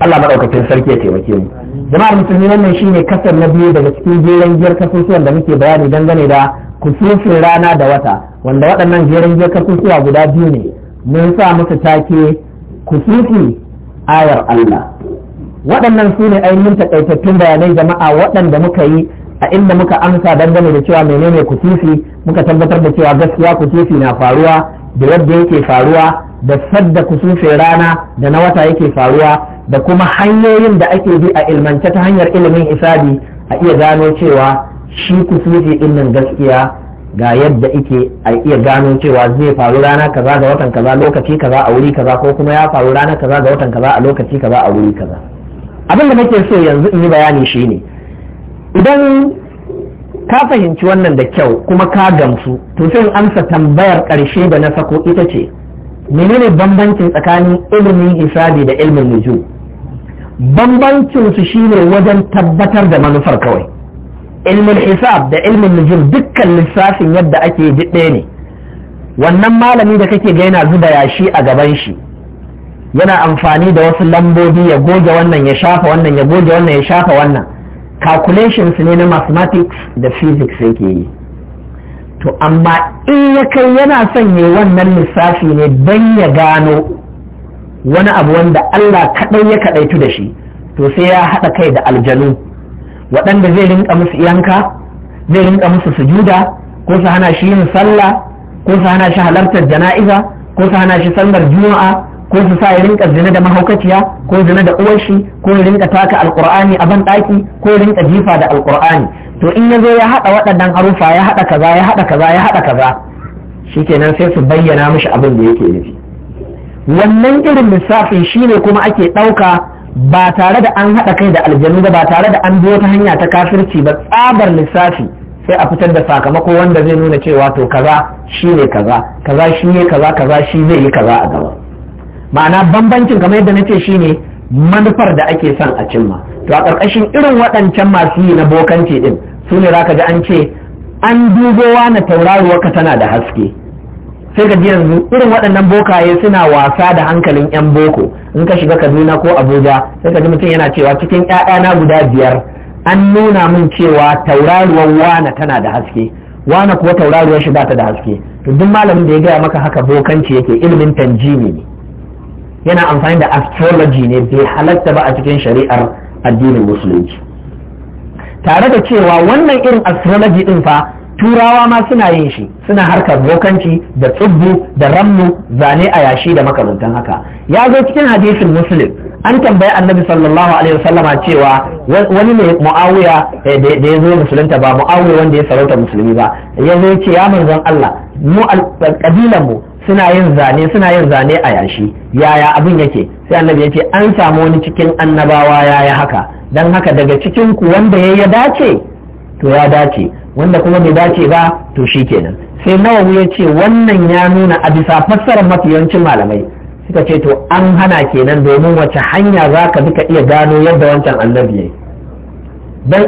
Allah madaukakin sarki ya taimake mu jama'ar musulmi wannan shine kasar na biyu daga cikin jeren giyar kasusuwan da muke bayani dangane da kusufin rana da wata wanda waɗannan jeren giyar kasusuwa guda biyu ne mun sa musu take kusufi ayar Allah waɗannan su ne ainihin taƙaitattun bayanai jama'a waɗanda muka yi a inda muka amsa dangane da cewa menene kusufi muka tabbatar da cewa gaskiya kusufi na faruwa da yadda yake faruwa da sadda kususin rana da na wata yake faruwa da kuma hanyoyin da ake bi a ilmance ta hanyar ilimin isabi a iya gano cewa shi ku din nan gaskiya ga yadda ike a iya gano cewa zai faru rana kaza ga watan kaza lokaci kaza a wuri kaza ko kuma ya faru rana kaza ga watan kaza a lokaci kaza a wuri kaza abin da nake so yanzu in yi bayani shine idan ka fahimci wannan da kyau kuma ka gamsu to sai amsa tambayar karshe da na sako ita ce menene bambancin tsakanin ilimin hisabi da ilimin nujum bambancinsu shine wajen tabbatar da manufar kawai ilmin hisab da ilmin nujum dukkan lissafin yadda ake ɗaya ne wannan malami da kake ga yana zuba yashi a gaban shi yana amfani da wasu lambobi ya goge wannan ya shafa wannan ya goge wannan ya shafa wannan calculations ne na mathematics da physics yake yi to amma in ya kai yana son ya wannan lissafi ne don ya gano wani abu wanda Allah kaɗai ya kaɗaitu da shi to sai ya haɗa kai da aljanu waɗanda zai rinka musu yanka zai rinka musu sujuda ko su hana shi yin sallah ko su hana shi halartar jana'iza ko su hana shi sallar juma'a ko su sa ya rinka zina da mahaukaciya ko zina da uwarshi ko ya rinka taka alqur'ani a ban daki ko ya rinka jifa da alqur'ani to in ya zo ya haɗa waɗannan harufa ya haɗa kaza ya haɗa kaza ya haɗa kaza shikenan sai su bayyana mishi abin da yake nufi wannan irin lissafin shine kuma ake ɗauka ba tare da an haɗa kai da aljanu ba ba tare da an biyo ta hanya ta kafirci ba tsabar lissafi sai a fitar da sakamako wanda zai nuna cewa to kaza shine kaza kaza shi ne kaza kaza shi zai yi kaza a gaba ma'ana bambancin kamar yadda na shi shine manufar da ake son a cimma to a ƙarƙashin irin waɗancan masu yi na bokanci din su ne za ka ji an ce an dubowa na tauraruwa ka tana da haske sai ka ji yanzu irin waɗannan bokaye suna wasa da hankalin 'yan boko in ka shiga kaduna ko abuja sai ka ji mutum yana cewa cikin 'ya'yana guda biyar an nuna min cewa tauraruwar wana tana da haske wana kuwa tauraruwar shi bata da haske to duk malamin da ya gaya maka haka bokanci yake ilimin tanjini ne yana amfani da astrology ne bai halatta ba a cikin shari'ar addinin musulunci tare da cewa wannan irin astrology din fa turawa ma suna yin shi suna harkar bokanci da tsubbu da rammu zane a yashi da makamantan haka ya zo cikin hadisin muslim an tambayi annabi sallallahu alaihi wasallama cewa wani ne muawiya eh, da ya zo musulunta ba muawiya wanda ya sarauta musulmi ba ya zo ce ya manzon Allah mu kabilan mu suna yin zane suna yin zane a yashi yaya abin yake sai annabi ya ce an samu wani cikin annabawa yaya haka dan haka daga cikin ku wanda ya dace to ya dace wanda kuma bai dace ba to shi kenan sai nawa ya ce wannan ya nuna a bisa fassarar mafi yawancin malamai suka ce to an hana kenan domin wace hanya za ka bi ka iya gano yadda wancan annabi ya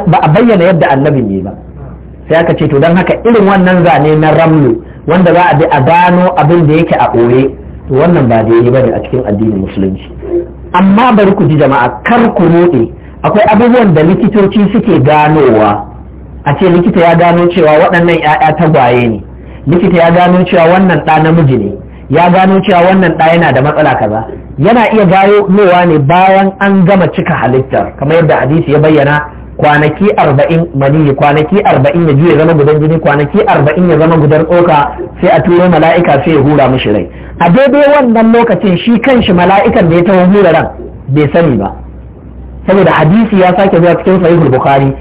ba a bayyana yadda annabin ne ba sai aka ce to don haka irin wannan zane na ramlu wanda za a bi a gano abin da yake a ɓoye to wannan ba daidai ba ne a cikin addinin musulunci amma bari ku ji jama'a kar ku ruɗe akwai abubuwan da likitoci suke ganowa a ce likita ya gano cewa waɗannan 'ya'ya tagwaye ne likita ya gano cewa wannan ɗa namiji ne ya gano cewa wannan ɗa yana da matsala kaza yana iya nowa ne bayan an gama cika halittar kamar yadda hadisi ya bayyana kwanaki arba'in maniyi kwanaki arba'in ya juya zama gudan jini kwanaki arba'in ya zama gudan tsoka sai a turo mala'ika sai ya hura mishi rai a daidai wannan lokacin shi kanshi mala'ikan da ya taho hura ran bai sani ba saboda hadisi ya sake zuwa cikin sahihul bukhari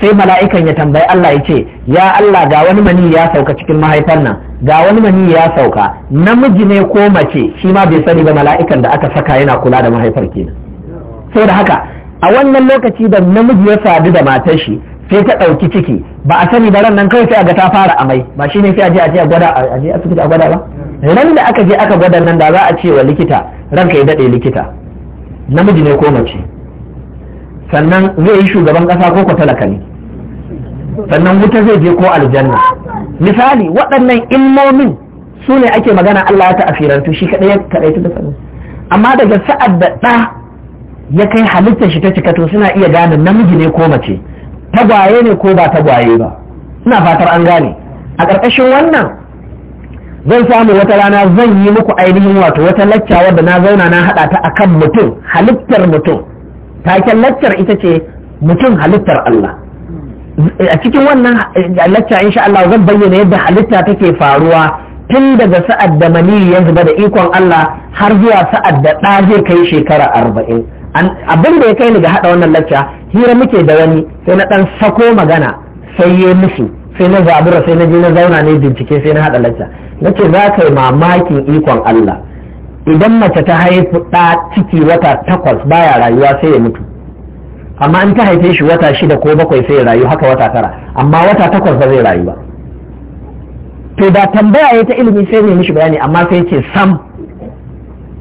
sai mala'ikan ya tambayi Allah ya ce ya Allah ga wani mani ya sauka cikin mahaifar nan ga wani mani ya sauka namiji ne ko mace shi ma bai sani ba mala'ikan da aka saka yana kula da mahaifar kenan da haka a wannan lokaci da namiji ya sadu da matar shi sai ta ɗauki ciki ba a sani ba ran nan kawai sai a ga ta fara amai ba shi ne sai a je a je a gwada a je asibiti a gwada ba ran da aka je aka gwada nan da za a ce wa likita ranka ya daɗe likita namiji ne ko mace sannan zai yi shugaban ƙasa ko ko talaka ne sannan wuta zai je ko aljanna misali waɗannan ilmomin su ne ake magana Allah ya ta'afirantu shi kaɗai ya kaɗai da sanin amma daga sa'ad da ɗa ya kai halittar shi ta cika to suna iya gane namiji ne ko mace tagwaye ne ko ba tagwaye ba ina fatar an gane a ƙarƙashin wannan zan samu wata rana zan yi muku ainihin wato wata lacca wadda na zauna na haɗa ta akan mutum halittar mutum taken laccar ita ce mutum halittar Allah a cikin wannan eh, lacca insha Allah zan bayyana yadda halitta take faruwa tun daga sa'ad da mani ya zuba da ikon Allah har zuwa sa'ad da ɗa zai kai shekara arba'in abin da ya kai ni ga haɗa wannan lacca hira muke da wani sai na ɗan sako magana sai ya musu sai na zabura sai na je na zauna ne bincike sai na haɗa lacca na ce za ka yi mamakin ikon Allah idan mace ta haifu ɗa ciki wata takwas baya rayuwa sai ya mutu amma an ta haife shi wata shida ko bakwai sai ya rayu haka wata tara amma wata takwas ba zai rayu ba to da tambaya ya ta ilimi sai ne mishi bayani amma sai ce sam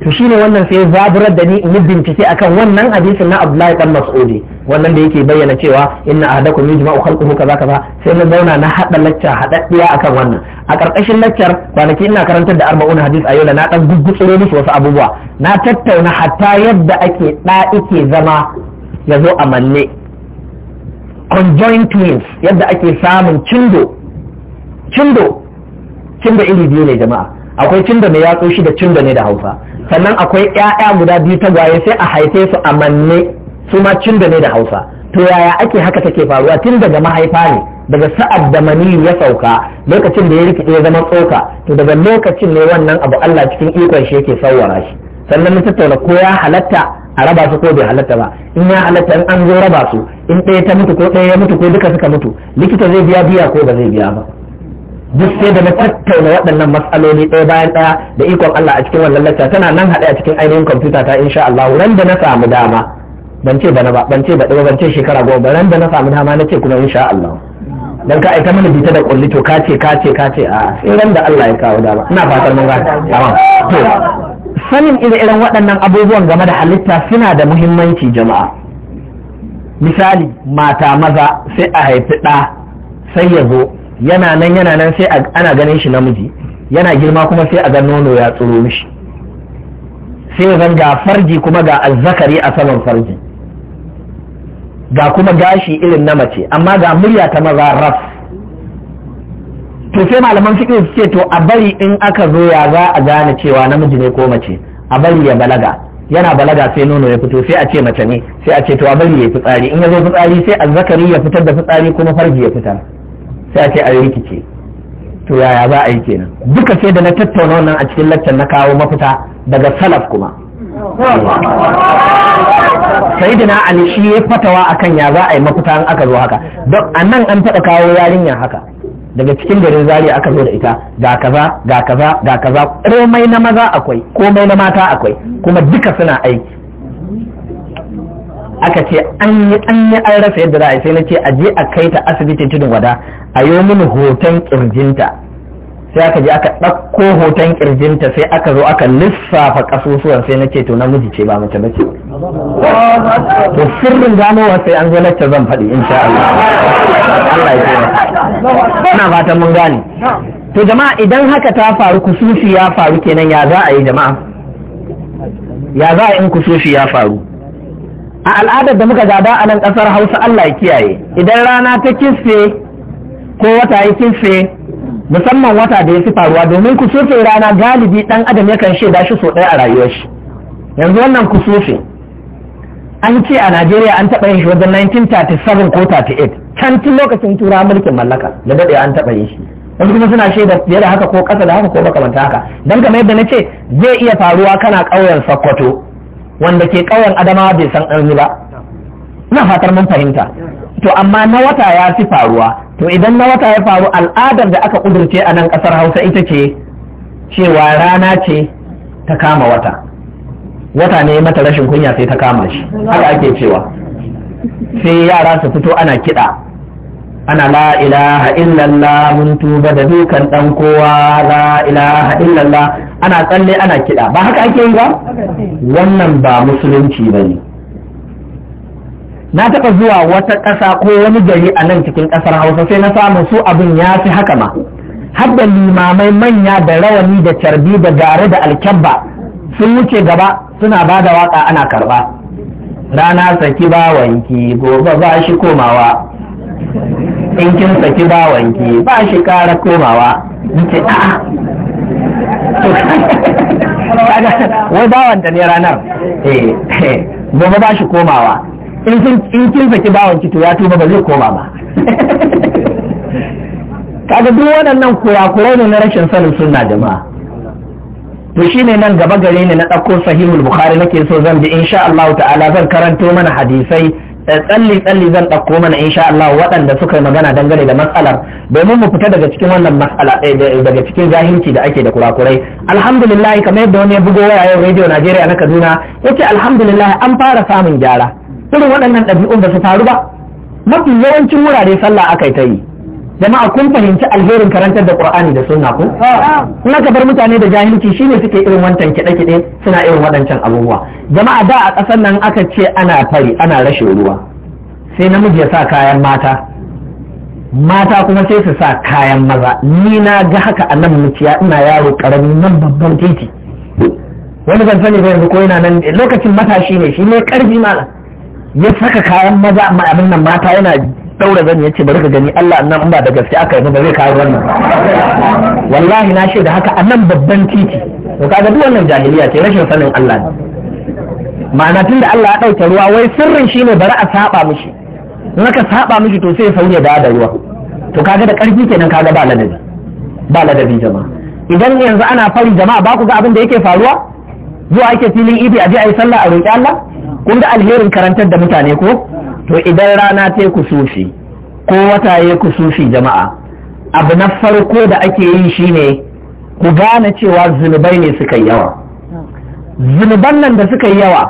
to shine wannan sai zaburar da ni in yi bincike akan wannan hadisin na Abdullahi dan Mas'udi wannan da yake bayyana cewa inna ahadakum yujma'u khalquhu kaza kaza sai na zauna na hada lacca hadaddiya akan wannan a karkashin laccar kwanaki ina karantar da arba'un hadis a yau da na dan gugguture musu wasu abubuwa na tattauna hatta yadda ake da ke zama ya zo a manne conjoined twins yadda ake samun cindo cindo cindo iri biyu ne jama'a akwai cindo mai yatsu shi da cindo ne da hausa sannan akwai 'ya'ya guda biyu ta tagwaye sai a haife su a manne su ma cin da ne da hausa to yaya ake haka take faruwa tun daga mahaifa ne daga sa'ad da maniyu ya sauka lokacin da ya rikide ya zama tsoka to daga lokacin ne wannan abu Allah cikin ikon shi yake sawwara shi sannan mun tattauna ko ya halatta a raba su ko bai halatta ba in ya halatta in an zo raba su in ɗaya ta mutu ko ɗaya ya mutu ko duka suka mutu likita zai biya biya ko ba zai biya ba duk sai da na tattauna waɗannan matsaloli ɗaya bayan ɗaya da ikon Allah a cikin wannan lacca tana nan haɗe a cikin ainihin kwamfuta ta insha Allah ran da na samu dama ban ce bana ba ban ce ba ban ce shekara goma ba ran da na samu dama na ce kuma insha Allah dan ka aika mana bita da kulli to ka ce ka ce ka ce a sai ran da Allah ya kawo dama ina fatan mun gane tamam to sanin ire-iren waɗannan abubuwan game da halitta suna da muhimmanci jama'a misali mata maza sai a haifi ɗa sai ya zo yana nan yana nan sai ana ganin shi namiji yana girma kuma sai a ga nono ya tsoro mishi sai zan ga farji kuma ga azzakari a saman farji ga kuma gashi irin na mace amma ga murya ta maza raf to sai malaman fiƙe su ce to a bari in aka zo ya za a gane cewa namiji ne ko mace a bari ya balaga yana balaga sai nono ya fito sai a ce mace ne sai a ce to a bari ya fitsari in ya zo fitsari sai a zakari ya fitar da fitsari kuma farji ya fitar sai a ce a yi rikice to yaya za a yi kenan duka sai da na tattauna wannan a cikin laccan na kawo mafita daga salaf kuma sayyidina ali shi ya fatawa akan ya za a yi mafita in aka zo haka don nan an taɓa kawo yarinya haka daga cikin garin zaria aka zo da ita ga kaza ga kaza ga kaza komai na maza akwai komai na mata akwai kuma duka suna aiki aka ce an yi an yi an rasa yadda za a yi sai na ce a je a kai ta asibitin tudun wada a yi mini hoton kirjinta sai aka je aka ɗauko hoton ƙirjinta sai aka zo aka lissafa ƙasusuwan sai na ce to namiji ce ba mace bace to sirrin ganowa sai an zo lacce zan faɗi insha Allah Allah ya ce ina fatan mun gane to jama'a idan haka ta faru kusufi ya faru kenan ya za a yi jama'a ya za a yi in kusufi ya faru a al'adar da muka gada a nan ƙasar Hausa Allah ya kiyaye idan rana ta kisse ko wata ya kisse musamman wata da ya fi faruwa domin kusurfin rana galibi ɗan adam yakan shaida shi sau ɗaya a rayuwar shi yanzu wannan kusurfin an ce a najeriya an taɓa yin shi wajen 1937 ko 38 can tun lokacin tura mulkin mallaka da daɗe an taɓa yin shi wasu kuma suna shaida fiye da haka ko ƙasa da haka ko makamanta haka don kamar yadda na ce zai iya faruwa kana ƙauyen sokoto wanda ke ƙauyen adamawa bai san an ba na fatar mun fahimta to amma na wata ya fi faruwa to idan na wata ya faru al'adar da aka ƙudurce a nan ƙasar hausa ita ce cewa rana ce ta kama wata wata ne mata rashin kunya sai ta kama shi haka ake cewa sai yara su fito ana kiɗa ana la ilaha illallah mun tuba da dukan dan kowa la ilaha illallah ana tsalle ana kiɗa ba haka ake yi ba wannan ba musulunci bane na taɓa zuwa wata ƙasa ko wani gari a nan cikin ƙasar hausa sai na samu su abin ya fi haka ma har da limamai manya da rawani da carbi da gare da alkyabba sun wuce gaba suna ba da waƙa ana karɓa rana saki ba wanki gobe ba shi komawa in kin saki ba wanki ba shi ƙara komawa nke a'a wai bawanta ne ranar eh, gobe ba shi komawa in kin saki bawon ki to ya tuba ba zai koma ba kaga duk waɗannan kurakurai ne na rashin sanin sunna jama'a to shine nan gaba gare ni na ɗauko sahihul bukhari nake so zan bi insha Allah ta'ala zan karanto mana hadisai eh, tsalli tsalli zan ɗauko mana insha Allah waɗanda suka yi magana dangane da matsalar domin mu fita daga cikin wannan matsala eh, daga cikin jahilci da ake da kurakurai alhamdulillah kamar yadda wani ya bugo waya yau rediyo Najeriya na Kaduna yace alhamdulillah an fara samun gyara irin waɗannan ɗabi'un ba su faru ba mafi yawancin wurare sallah aka yi ta yi jama'a kun fahimci alherin karantar da qur'ani da sunna ku in aka bar mutane da jahilci shine suke irin wancan kiɗe kiɗe suna irin waɗancan abubuwa jama'a da a ƙasar nan aka ce ana fari ana rashin ruwa sai namiji ya sa kayan mata mata kuma sai su sa kayan maza ni na ga haka a nan muciya ina yaro karami nan babban titi wani ban sani ba yanzu ko yana nan lokacin matashi ne shi ne karfi malam ya saka kayan maza amma abin nan mata yana daura zani yace bari ka gani Allah annan ba da gaske aka yi ba zai kawo wannan wallahi na shaida haka annan babban titi to kaga duk wannan jahiliya ce rashin sanin Allah ne ma'ana tunda Allah ya dauke ruwa wai sirrin shine bari a saba mishi in aka saba mishi to sai ya sauye da da ruwa to kaga da karfi kenan kaga ba ladabi ba ladabi jama'a idan yanzu ana fari jama'a ba ku ga abin da yake faruwa zuwa ake filin idi a je a yi sallah a roƙi Allah kun ga alherin karantar da mutane ko to idan rana ta ku sufi ko wata ya ku sufi jama'a abu na farko da ake yi shine ku gane cewa zunubai ne suka yi yawa zunuban nan da suka yi yawa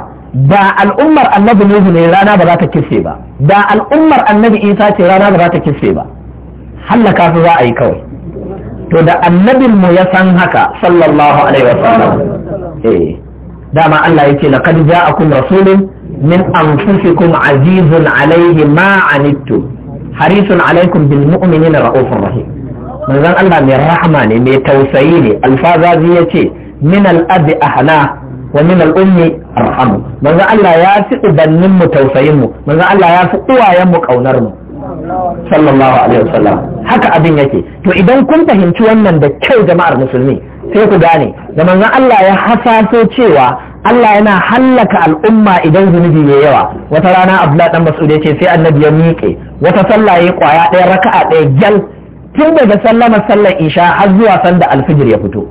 ba al'ummar annabi nuhu ne rana ba za ta kisse ba da al'ummar annabi isa ce rana ba za ta kisse ba hallaka su za a yi kawai to da annabinmu ya san haka sallallahu alaihi wasallam eh dama Allah yake laqad ja'akum rasulun min anfusikum azizun alayhi ma anittum harisun alaikum bil mu'minina ra'ufur rahim manzon Allah mai rahama ne mai tausayi ne alfazazi yace min al abi ahna wa min al ummi arhamu manzon Allah ya fi ubannin mu tausayin mu manzon Allah ya fi uwayen mu kaunar mu sallallahu alaihi wasallam haka abin yake to idan kun fahimci wannan da kyau jama'ar musulmi sai ku gane da manzon Allah ya hasaso cewa Allah yana hallaka al'umma idan zunubi ya yawa wata rana Abdullah dan Mas'ud yace sai annabi ya miƙe wata sallah yayi kwaya ɗaya raka'a ɗaya gyal tun daga sallama sallar isha har zuwa sanda alfijir ya fito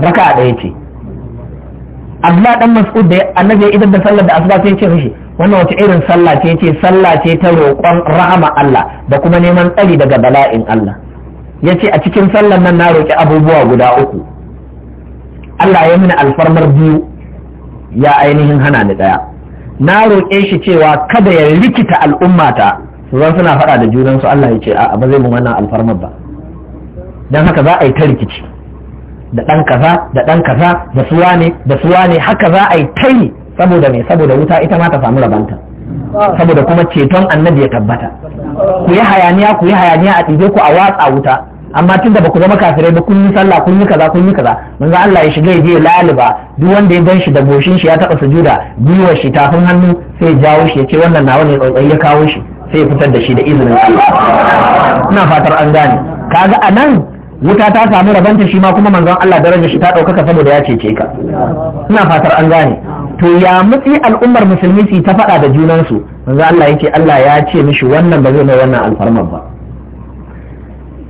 raka'a ɗaya ce Abdullah dan Mas'ud da annabi ya idan da sallar da asuba sai ce mishi wannan wace irin sallah ce ce sallah ce ta roƙon rahama Allah da kuma neman tsari daga bala'in Allah yace a cikin sallar nan na roƙi abubuwa guda uku Allah ya mini alfarmar biyu ya ainihin hana ni ɗaya na roƙe shi cewa kada ya rikita al'ummata su zan suna faɗa da su Allah ya ce a ba zai mu wannan alfarmar ba dan haka za a yi ta rikici da ɗan kaza da ɗan kaza da suwa ne da suwa ne haka za a yi ta yi saboda me saboda wuta ita ma ta samu rabanta saboda kuma ceton annabi ya tabbata ku yi hayaniya ku yi hayaniya a ɗige ku a watsa wuta amma tun da baku zama kafirai ba kun yi sallah kun yi kaza kun yi kaza manzo Allah ya shiga ya je laliba duk wanda ya gan shi da goshin shi ya taba sujuda gwiwar shi tafin hannu sai ya jawo shi ya ce wannan nawa ne tsautsayi ya kawo shi sai ya fitar da shi da izinin Allah ina fatar an gane kaga anan wuta ta samu rabanta shi ma kuma manzon Allah daraja shi ta ɗaukaka saboda ya cece ka ina fatar an gane to ya mutsi al'ummar musulmi su ta faɗa da junansu manzo Allah yake Allah ya ce mishi wannan ba zai mai wannan alfarmar ba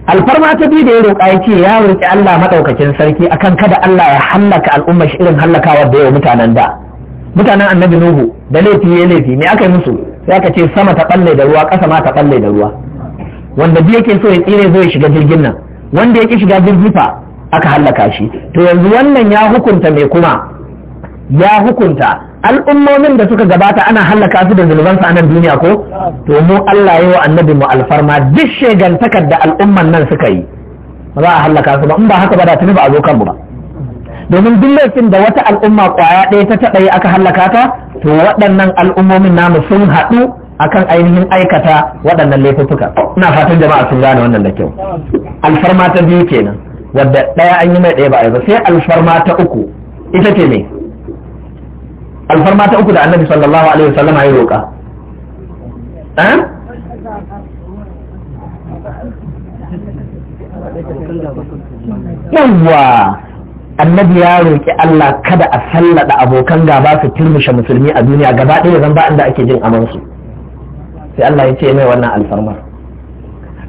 alfarma ta biyu da ya roƙa ya ce ya roƙi Allah maɗaukakin sarki akan kada Allah ya hallaka al'ummar shi irin hallakawa da yawa mutanen da mutanen annabi nuhu da laifi ya laifi me aka yi musu Ya ka ce sama ta balle da ruwa ƙasa ma ta balle da ruwa wanda biyu yake so ya tsire zo ya shiga jirgin nan wanda ya yake shiga jirgin fa aka hallaka shi to yanzu wannan ya hukunta mai kuma ya hukunta al'ummomin da suka gabata ana hallaka su da zunubansu a nan duniya ko to mu Allah yi wa annabi mu alfarma duk shegantakar da al'umman nan suka yi ba za a hallaka su ba in ba haka ba da tuni ba a zo kanmu ba domin duk laifin da wata al'umma kwaya ɗaya ta taɓa yi aka hallaka ta to waɗannan al'ummomin namu sun haɗu akan ainihin aikata waɗannan laifuffuka ina fatan jama'a sun gane wannan da kyau alfarma ta biyu kenan wadda ɗaya an yi mai ɗaya ba a yi ba sai alfarma ta uku ita ce ne alfarma ta uku da annabi sallallahu alaihi wasallama ya roƙa eh? yawwa annabi ya roƙi Allah kada a sallada abokan gaba su turmushe musulmi a duniya gaba ɗaya zan ba inda ake jin amansu sai Allah ya ce mai wannan alfarma.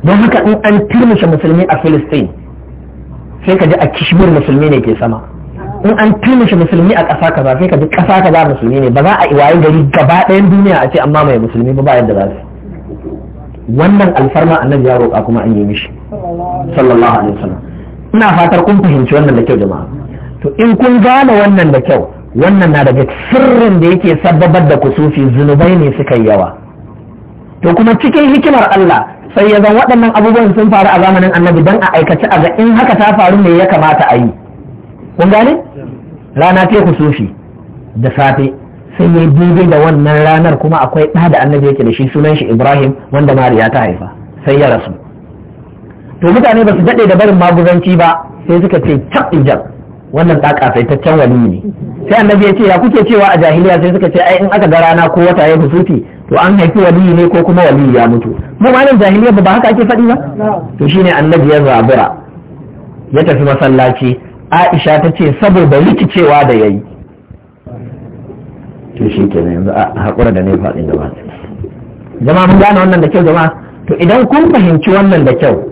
don haka in an turmushe musulmi a Filistin sai ka ji a kishmir musulmi ne ke sama in an tuna shi musulmi a ƙasa kaza sai ka ji ƙasa kaza musulmi ne ba za a waye gari gaba ɗayan duniya a ce amma mai musulmi ba yadda za su wannan alfarma annabi ya roƙa kuma an yi mishi sallallahu alaihi wasallam ina fatar kun fahimci wannan da kyau jama'a to in kun gane wannan da kyau wannan na daga sirrin da yake sababar da kusufi zunubai ne suka yi yawa to kuma cikin hikimar Allah sai ya zan waɗannan abubuwan sun faru a zamanin annabi dan a aikace a ga in haka ta faru me ya kamata a yi kun gane rana ta sufi da safe sai ya dubi da wannan ranar kuma akwai ɗa da annabi yake da shi sunan shi ibrahim wanda mariya ta haifa sai ya rasu to mutane ba su daɗe da barin maguzanci ba sai suka ce cak ijab wannan ɗa kafaitaccen wani ne sai annabi ya ce ya kuke cewa a jahiliya sai suka ce ai in aka ga rana ko wata ya sufi to an haifi waliyu ne ko kuma waliyu ya mutu mu ma nan jahiliya ba haka ake faɗi ba to shine annabi ya zabura ya tafi masallaci aisha ta ce saboda rikicewa da yayi to shi ne yanzu a haƙura da ne faɗin ba jama mun gane wannan da kyau jama to idan kun fahimci wannan da kyau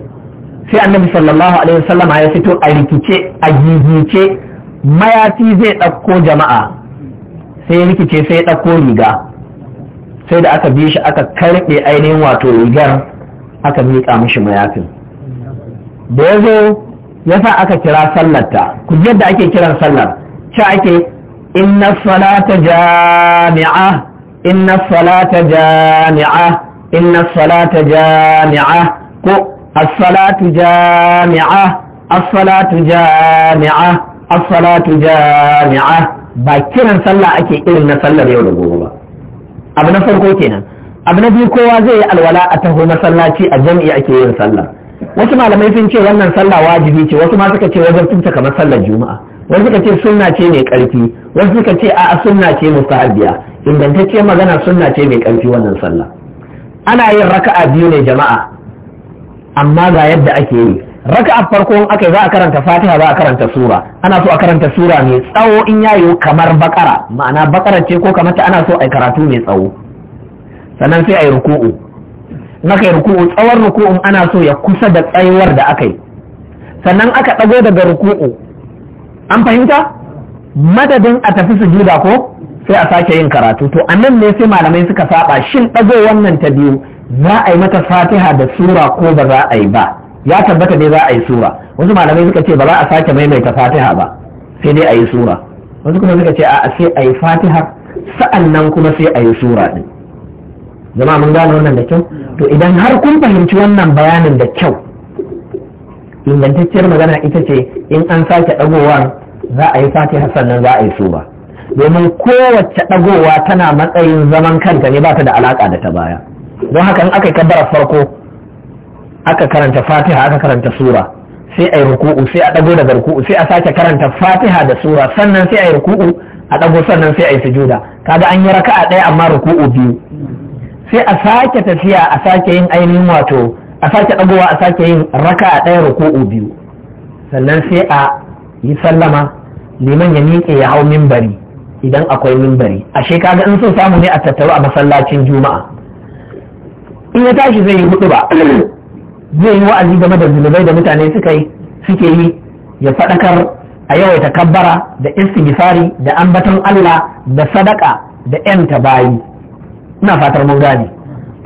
sai annabi sallallahu alaihi wasallam ya fito a rikice a gigice mayafi zai ɗauko jama'a sai ya rikice sai ya ɗauko riga sai da aka bi shi aka karɓe ainihin wato rigar aka miƙa mishi mayafin da ya zo yasa aka kira ta ku yadda ake kiran sallar ci ake inna salata jami'a inna salata jami'a inna salata jami'a ko as-salatu jami'a as-salatu jami'a as-salatu jami'a ba kiran sallah ake irin na sallar yau da gobe ba abu na farko kenan abu na biyu kowa zai yi alwala a taho masallaci a jam'i ake yin sallah wasu malamai sun ce wannan sallah wajibi ce wasu ma suka ce wajibcinta kamar sallar juma'a wasu suka ce sunna ce mai karfi wasu suka ce a'a sunna ce mustahabiya ingantacce magana sunna ce mai karfi wannan sallah ana yin raka'a biyu ne jama'a amma ga yadda ake yi raka'a farko aka za a karanta fatiha za a karanta sura ana so a karanta sura mai tsawo in yayo kamar bakara ma'ana bakara ce ko kamata ana so a karatu mai tsawo sannan sai a yi ruku'u na kai ruku'u tsawon ruku'u ana so ya kusa da tsayuwar da aka yi sannan aka ɗago daga ruku'u an fahimta madadin a tafi su juda ko sai a sake yin karatu to anan ne sai malamai suka saba shin ɗago wannan ta biyu za a yi mata fatiha da sura ko ba za a yi ba ya tabbata dai za a yi sura wasu malamai suka ce ba za a sake maimaita fatiha ba sai dai a yi sura wasu kuma suka ce a sai a yi fatiha sa'annan kuma sai a yi sura din Zama mun gane wannan da kyau to idan har kun fahimci wannan bayanin da kyau ingantacciyar magana ita ce in an sake dagowa za a yi fatiha sannan za a yi ba domin kowace dagowa tana matsayin zaman kanta ne ba ta da alaka da ta baya don haka in aka yi kabbara farko aka karanta fatiha aka karanta sura sai a yi ruku'u sai a dago daga ruku'u sai a sake karanta fatiha da sura sannan sai a yi ruku'u a dago sannan sai a yi sujuda kaga an yi raka'a ɗaya amma ruku'u biyu sai a sake tafiya a sake yin ainihin wato a sake ɗagowa a sake yin raka a ɗaya ruku'u biyu sannan sai a yi sallama liman ya miƙe ya hau mimbari idan akwai mimbari ashe kaga in so samu ne a tattaru a masallacin juma'a in ya tashi zai yi hudu ba zai yi wa'azi game da zunubai da mutane suka yi suke yi ya faɗakar a yawaita kabbara da istighfari da ambaton Allah da sadaka da ta bayi ina fatar mun gane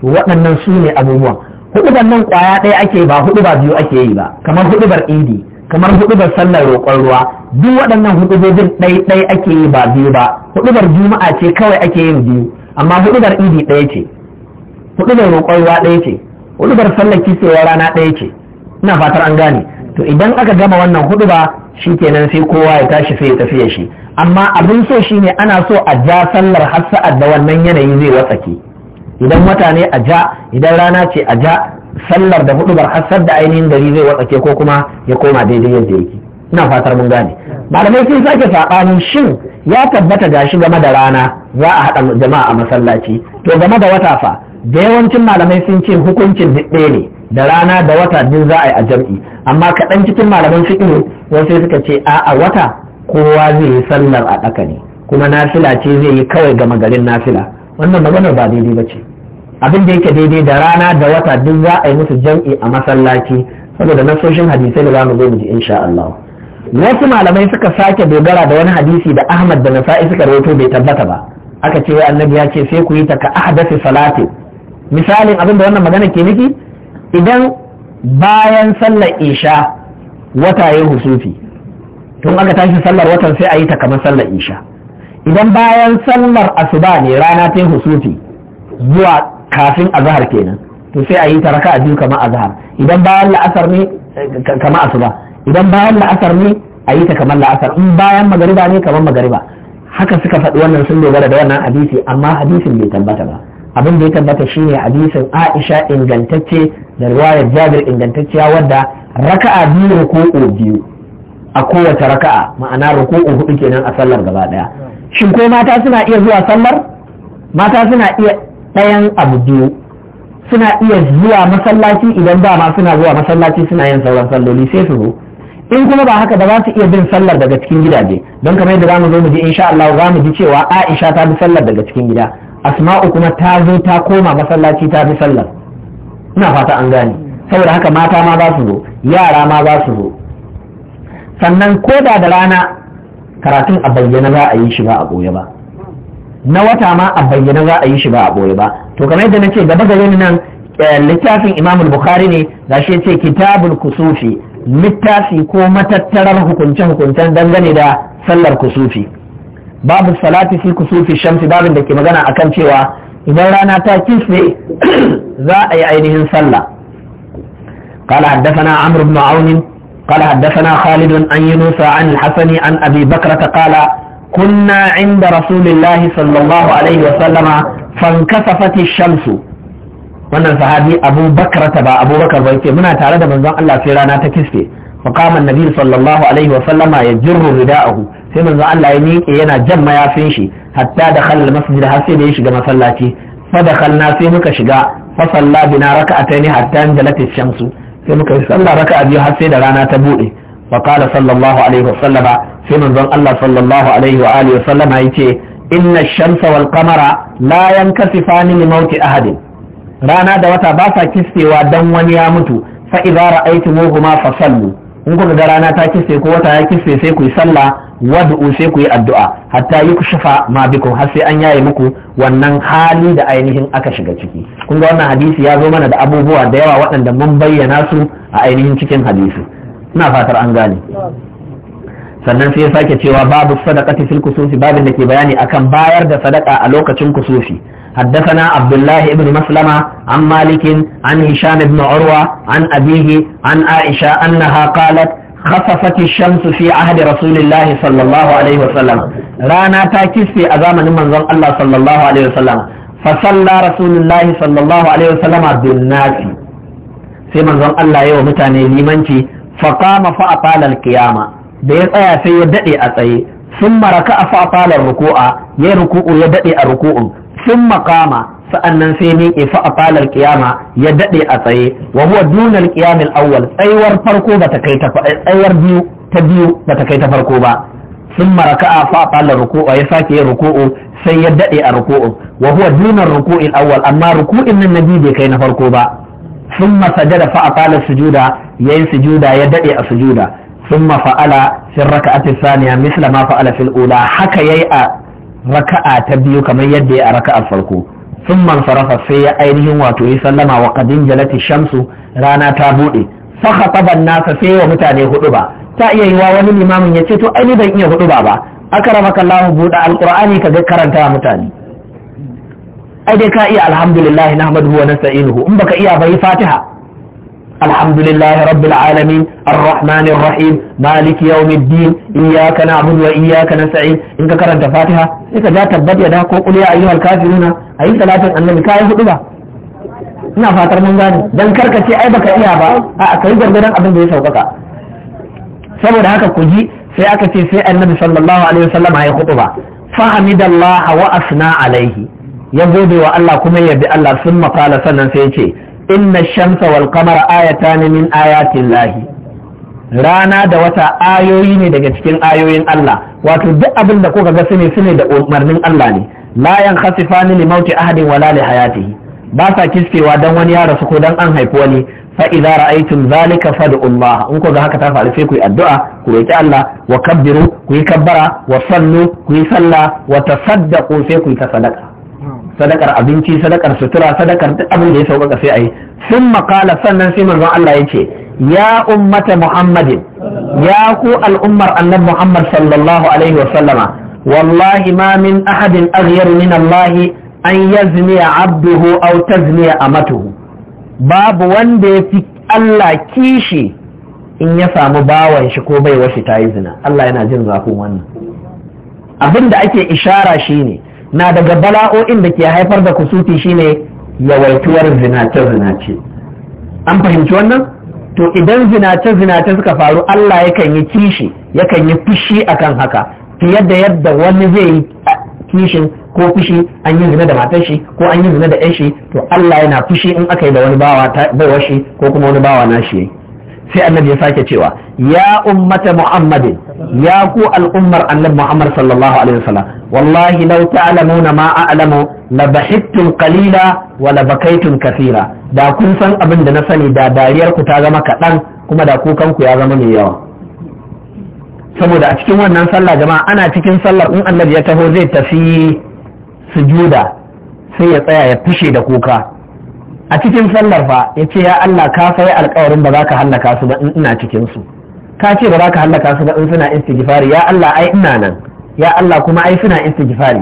to waɗannan su ne abubuwan hudubar nan kwaya ɗaya ake ba hudubar biyu ake yi ba kamar hudubar idi kamar hudubar sallar roƙon ruwa duk waɗannan hudubobin ɗai ake yi ba biyu ba hudubar juma'a ce kawai ake yin biyu amma hudubar idi ɗaya ce hudubar roƙon ruwa ɗaya ce hudubar sallar kisewar rana ɗaya ce ina fatar an gane to idan aka gama wannan huduba kenan sai kowa ya tashi sai ya tafi ya shi amma abin so shine ana so a ja sallar har sa'ad da wannan yanayi zai watsake idan mutane a ja idan rana ce a ja sallar da hudubar hasar da ainihin gari zai watsake ko kuma ya koma daidai yadda yake ina fatar mun gane malamai sun sake saɓani shin ya tabbata gashi game da rana za a haɗa jama'a a masallaci to game da wata fa da yawancin malamai sun ce hukuncin duk ɗaya ne da rana da wata duk za a yi a jam'i amma kaɗan cikin malaman fiƙi wasu suka ce a'a wata kowa zai yi sallar a ɗaka ne kuma nafila ce zai yi kawai gama garin nafila wannan maganar ba daidai ba ce abin da yake daidai da rana da wata duk za a yi musu jam'i a masallaci saboda nasoshin hadisai da za mu zo mu ji insha Allah wasu malamai suka sake dogara da wani hadisi da Ahmad da Nasa'i suka rawaito bai tabbata ba aka ce annabi ya ce sai ku yi ta ka ahdasi salati misalin abin da wannan magana ke nufi idan bayan sallar isha wata ya husufi tun aka tashi sallar watan sai a yi ta kamar sallar isha idan bayan sallar asuba ne rana ta husufi zuwa kafin azhar kenan to sai a yi ta raka'a biyu kamar azhar idan bayan la'asar ne eh, kamar asuba idan bayan la'asar ne a yi ta kamar la'asar in bayan magariba ne kamar magariba haka suka faɗi wannan sun dogara da wannan hadisi amma hadisin bai tabbata ba abin da ya tabbata shine hadisin Aisha ingantacce da riwayar Jabir ingantacciya wadda raka'a biyu ko biyu a kowace raka'a ma'ana ruku'u hudu kenan a sallar gaba daya shin ko mata suna iya zuwa sallar mata suna iya ɗayan abu biyu suna iya zuwa masallaci idan ba ma suna zuwa masallaci suna yin sauran salloli sai su zo in kuma ba haka ba za su iya bin sallar daga cikin gidaje don kamar yadda zamu zo mu ji insha Allah za mu ji cewa Aisha ta bi sallar daga cikin gida Asma'u kuma ta zo ta koma masallaci ta bi sallar ina fata an gane saboda haka mata ma za su zo yara ma za su zo sannan ko da da rana karatun a bayyana za a yi shi ba a ɓoye ba na wata ma a bayyana za a yi shi ba a ɓoye ba to kamar yadda na ce gaba gare ni nan eh, littafin imamul bukhari ne gashi ya ce kitabul kusufi littafi ko matattarar hukunce-hukuncen dangane da sallar kusufi babu salati fi kusufi shamsi babin da ke magana akan cewa idan rana ta kisne za a yi ainihin sallah قال حدثنا عمرو بن عون قال حدثنا خالد عن يونس عن الحسن عن أبي بكرة قال كنا عند رسول الله صلى الله عليه وسلم فانكسفت الشمس wannan sahabi abu bakar ta ba abu bakar ba yake muna tare da manzon Allah sai rana ta kiske maqaman nabi sallallahu alaihi wa sallama ya jirru uku sai manzon Allah ya miƙe yana jan mayafin shi hatta da khallal masjid har sai da ya shiga masallaci fa da khalna sai muka shiga fa salla bina raka'ataini hatta jalat ash-shamsu sai muka yi sallah a biyu har sai da rana ta buɗe. wa qala sallallahu alaihi wa sallama sai manzon Allah sallallahu alaihi wa alihi wa sallama yace inna shamsa wal qamara la yankasifani li mauti ahadin rana da wata ba sa kissewa dan wani ya mutu fa idza ra'aytumuhuma fasallu in kuka ga rana ta kisse ko wata ya kisse sai ku yi sallah wad'u sai ku yi addu'a hatta yi ku shafa ma bikum har sai an yaye muku wannan hali da ainihin aka shiga ciki kun ga wannan hadisi ya zo mana da abubuwa da yawa waɗanda mun bayyana su a ainihin cikin hadisi ina fatar an gane sannan sai ya sake cewa babu sadaqati fil kusufi babin da ke bayani akan bayar da sadaka a lokacin kusufi حدثنا عبد الله بن مسلمة عن مالك عن هشام بن عروة عن أبيه عن عائشة أنها قالت khasafati shamsu fi ahdi rasulillahi sallallahu alaihi wasallam rana ta kisfe a zamanin manzon Allah sallallahu alaihi wasallam fa salla rasulullahi sallallahu alaihi wasallam bin nasi sai manzon Allah yawa mutane limanci fa qama fa atala da ya tsaya sai ya daɗe a tsaye sun maraka fa atala ruku'a ya ruku'u ya daɗe a ruku'u. sun maqama sa'annan sai ni fa a falar kiyama ya daɗe a tsaye wa huwa dunal qiyamil awwal tsayuwar farko bata kai ta tsayuwar biyu ta biyu bata kai ta farko ba sun maraka'a fa qala ruku'a ya sake yin ruku'u sai ya dade a ruku'u wa huwa dunar ruku'il awwal amma ruku'in nan biyu bai kai na farko ba sun da fa falar sujuda yayi sujuda ya dade a sujuda ثم ma في الركعة الثانية haka ya yi a raka'a ta biyu kamar yadda ya a raka'ar farko. sun mansarafa sai ya ainihin wato ya sallama wa kadin jalati shamsu rana ta buɗe fakhataban nasa sai wa mutane hudu ba ta iya yiwa wani limamin ya ce to ai ban iya hudu ba ba akramaka Allah buɗe alqur'ani ka ga karanta mutane ai dai ka iya alhamdulillah nahmaduhu wa nasta'inuhu in baka iya bai fatiha الحمد لله رب العالمين الرحمن الرحيم مالك يوم الدين إياك نعبد وإياك نستعين إنك كرنت فاتحة إنك جاء تبت يداك وقل يا أيها الكافرون أي ثلاثة أنني كائن خطبة ina fatar mun gane dan karkace ai baka iya ba a kai gargadan abin da ya saukaka saboda haka ku ji sai aka ce sai annabi sallallahu alaihi wasallam ya khutba fa hamidallah wa asna alaihi ya gobe wa Allah kuma ya bi Allah sun makala sannan ya ce inna shamsa wal qamara ayatani min ayatin lahi rana da wata ayoyi ne daga cikin ayoyin Allah wato duk abin da kuka ga sune sune da umarnin Allah ne la yankhasifani li mauti ahadin wala li hayatihi ba sa kiskewa dan wani ya rasu ko dan an haifi wani fa idza ra'aytum zalika fad'u in ku ga haka ta faru sai ku yi addu'a ku roki Allah wa kabbiru ku yi kabbara wa sallu ku yi sallah wa tasaddaqu sai ku yi ta sadaka sadakar abinci sadakar sutura sadakar duk abin da ya sauƙaƙa sai a yi sun makala sannan sai manzon Allah ya ce ya ummata muhammadin ya ku al'ummar annabi muhammad sallallahu alaihi wa sallama wallahi ma min ahadin aghyaru min Allah an yazniya abduhu aw tazniya amatuhu babu wanda ya fi Allah kishi in ya samu bawan shi ko bai washi ta yi zina Allah yana jin zafin wannan abin da ake ishara shine na daga bala'o'in da ke haifar da kusufi shine yawaituwar zinace-zinace an fahimci wannan to idan zinace-zinace suka faru Allah yakan yi kishi yakan yi fushi akan haka fiye da yadda wani zai yi kishin ko fushi an yi zina da matar shi ko an yi zina da yan shi to Allah yana fushi in aka yi da wani bawa ta shi ko kuma wani bawa na shi sai annabi ya sake cewa ya ummata muhammadin ya ku al'ummar annabi muhammad sallallahu alaihi wasallam wallahi law ta'lamuna ma a'lamu la bahittum qalila wa la bakaitum kathira da kun san abin da na sani da dariyar ku ta zama kaɗan kuma da kukan ku ya zama mai yawa saboda a cikin wannan sallah jama'a ana cikin sallar in annabi ya taho zai tafi sujuda sai ya tsaya ya fishe da kuka a cikin sallar fa ya ce ya Allah ka sai alkawarin ba za ka hallaka su ba in ina cikin su ka ce ba za ka hallaka su ba in suna istighfari ya Allah ai ina nan ya Allah kuma ai suna istighfari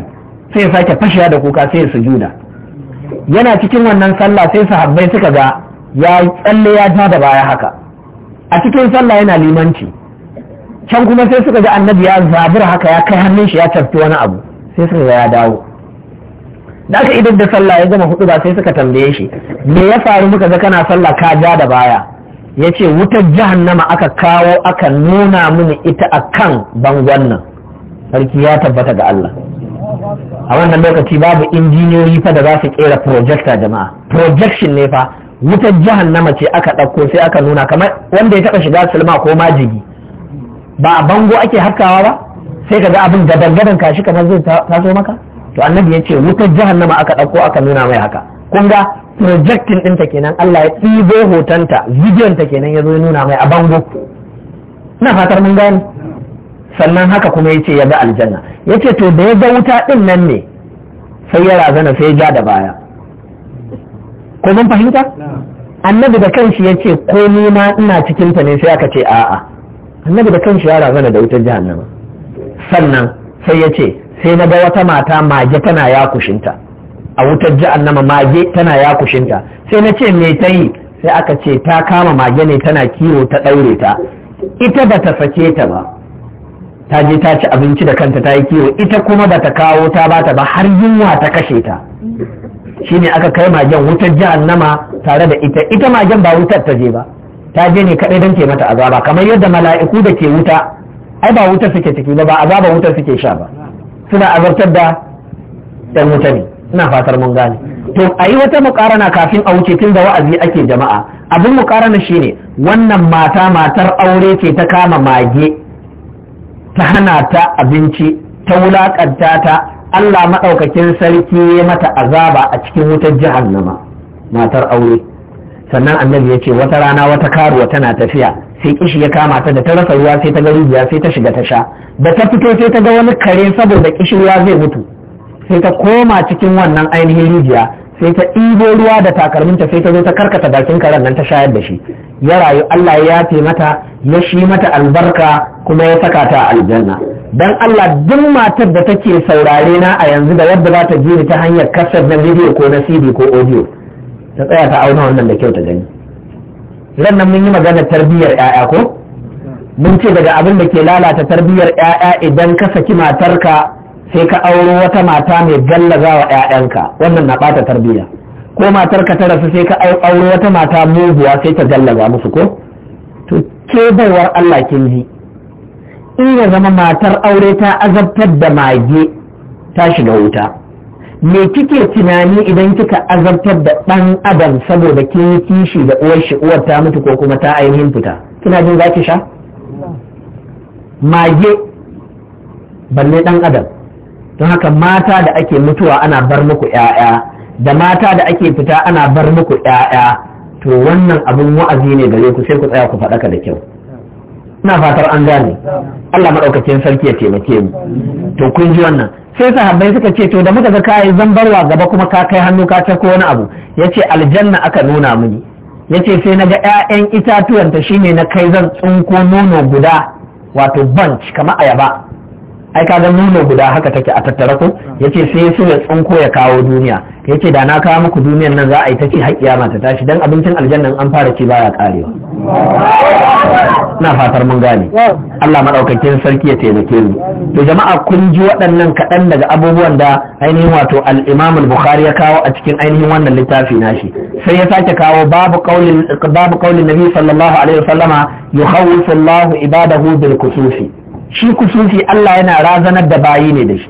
sai ya sake fashiya da kuka sai su sujuda yana cikin wannan sallah sai su sahabbai suka ga ya tsalle ya ja da baya haka a cikin sallah yana limanci can kuma sai suka ga annabi ya zabura haka ya kai hannun shi ya tafi wani abu sai suka ga ya dawo da aka idan da sallah ya gama hudu ba sai suka tambaye shi me ya faru muka ga kana sallah ka ja da baya ya ce wutar jahannama aka kawo aka nuna mini ita a kan bangon nan sarki ya tabbata ga Allah a wannan lokaci babu injiniyoyi fa da za su kera projector jama'a projection ne fa wutar jahannama ce aka ɗauko sai aka nuna kamar wanda ya taɓa shiga sulma ko majigi ba a bango ake harkawa ba sai ka ga abin gadan gadan kashi kamar zai taso maka to annabi ya ce wutar jahannama aka ɗauko aka nuna mai haka kun ga projectin ɗinta kenan Allah ya ɗibo hotonta bidiyonta kenan ya zo ya nuna mai a bango ina fatar mun gani sannan haka kuma ya ce ya ga aljanna ya ce to da ya ga wuta ɗin nan ne sai ya razana sai ya ja da baya ko mun fahimta annabi da kanshi ya ce ko ni ma ina cikinta ne sai aka ce a'a annabi da kanshi ya razana da wutar jahannama sannan sai ya ce sai na ga wata mata mage tana yakushinta a wutar annama mage tana yakushinta sai na ce me ta yi sai aka ce ta kama mage ne tana kiwo ta ɗaure ta ita ba ta sake ta ba ta je ta ci abinci da kanta ta yi kiwo ita kuma ba ta kawo ta ba ta ba har yunwa ta kashe ta shine aka kai magen wutar nama tare da ita ita magen ba wutar ta je ba ta je ne kaɗai don ke mata azaba kamar yadda mala'iku da ke wuta ai ba wutar suke ciki ba ba azaba wutar suke sha ba suna azartar da yan wuta ne ina fatar mun gane to a yi wata mukarana kafin a wuce tun da wa'azi ake jama'a abin mukarana ne wannan mata matar aure ce ta kama mage ta hana ta abinci ta wulaƙanta ta Allah maɗaukakin sarki ya mata azaba a cikin wutar nama." matar aure sannan annabi ya ce wata rana wata karuwa tana tafiya sai kishi ya kama ta da ta rasa ruwa sai ta ga rijiya sai ta shiga ta sha da ta fito sai ta ga wani kare saboda kishirwa zai mutu sai ta koma cikin wannan ainihin rijiya sai ta ɗibo ruwa da takalminta sai ta zo ta karkata bakin karen nan ta shayar da shi ya rayu Allah ya yafe mata ya shi mata albarka kuma ya saka ta aljanna dan Allah duk matar da take saurare na a yanzu da yadda za ta ji ta hanyar kasar na bidiyo ko na CD ko audio ta tsaya ta auna wannan da kyau ta gani nan mun yi magana tarbiyyar ƴaƴa ko mun ce daga abin da ke lalata tarbiyyar ƴaƴa idan ka saki matarka sai ka auro wata mata mai gallazawa ƴaƴanka 'ya'yanka wannan na bata tarbiyya ko matarka ta rasu sai ka auro wata mata muguwa sai ta gallaza musu ko to ke baiwar Allah kin ji in ya zama matar aure ta azabtar da mage ta shiga wuta me kike tunani idan kika azabtar da ɗan adam saboda kin yi kishi da uwar shi uwar ta mutu ko kuma ta ainihin fita kina jin zaki sha mage balle ɗan adam don haka mata da ake mutuwa ana bar muku ƴaƴa, da mata da ake fita ana bar muku ƴaƴa, to wannan abun wa'azi ne gare ku sai ku tsaya ku faɗaka da kyau ina fatar an gane Allah maɗaukacin sarki ya taimake mu to kun ji wannan sai sahabbai suka ce to da muka ga kai zambarwa gaba kuma ka kai hannu ka ta ko wani abu yace aljanna aka nuna mini yace sai na ga ƴaƴan itatuwan ta shine na kai zan tsunko nono guda wato bunch kamar ayaba ai kaga nuna guda haka take a tattara ko yace sai su ya tsinko ya kawo duniya yace da na kawo muku duniyar nan za a yi ta ci har kiyama ta tashi dan abincin aljannan an fara ci baya karewa na fatar mun gane Allah madaukakin sarki ya taimake mu to jama'a kun ji waɗannan kaɗan daga abubuwan da ainihin wato al-Imam al-Bukhari ya kawo a cikin ainihin wannan littafi nashi sai ya sake kawo babu qaulin babu qaulin Nabi sallallahu alaihi wasallama yukhawwifu Allahu ibadahu bil kusufi shi kusufi Allah yana razanar da bayi ne da shi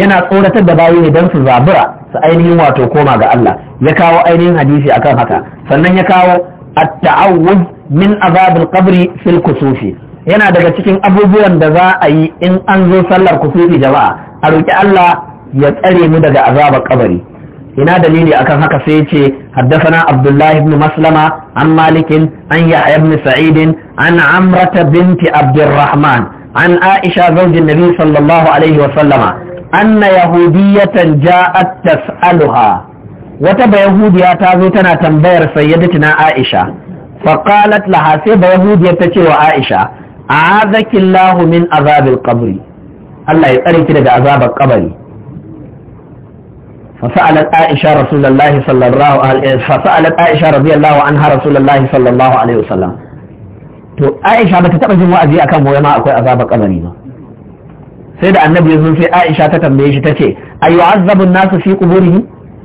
yana tsoratar da bayi ne don su zabura su ainihin wato koma ga Allah ya kawo ainihin hadisi akan haka sannan ya kawo at-ta'awwud min azabil qabri fil kusufi yana daga cikin abubuwan da za a yi in an zo sallar kusufi jama'a a roki Allah ya tsare mu daga azabar kabari ina dalili akan haka sai ce na abdullahi ibn maslama an malikin an yahya ibn sa'idin an amrata binti abdurrahman عن عائشة زوج النبي صلى الله عليه وسلم أن يهودية جاءت تسألها وتبا يهودية تازوتنا تنبير سيدتنا عائشة فقالت لها سيبا يهودية تشيو عائشة أعاذك الله من عذاب القبر الله يقريك لك عذاب القبر فسألت عائشة رسول الله صلى الله عليه فسألت عائشة رضي الله عنها رسول الله صلى الله عليه وسلم to aisha bata taba jin wa'azi akan wai ma akwai azabar kabari ba sai da annabi ya sai aisha ta tambaye shi tace ayu azabun nasu fi quburihi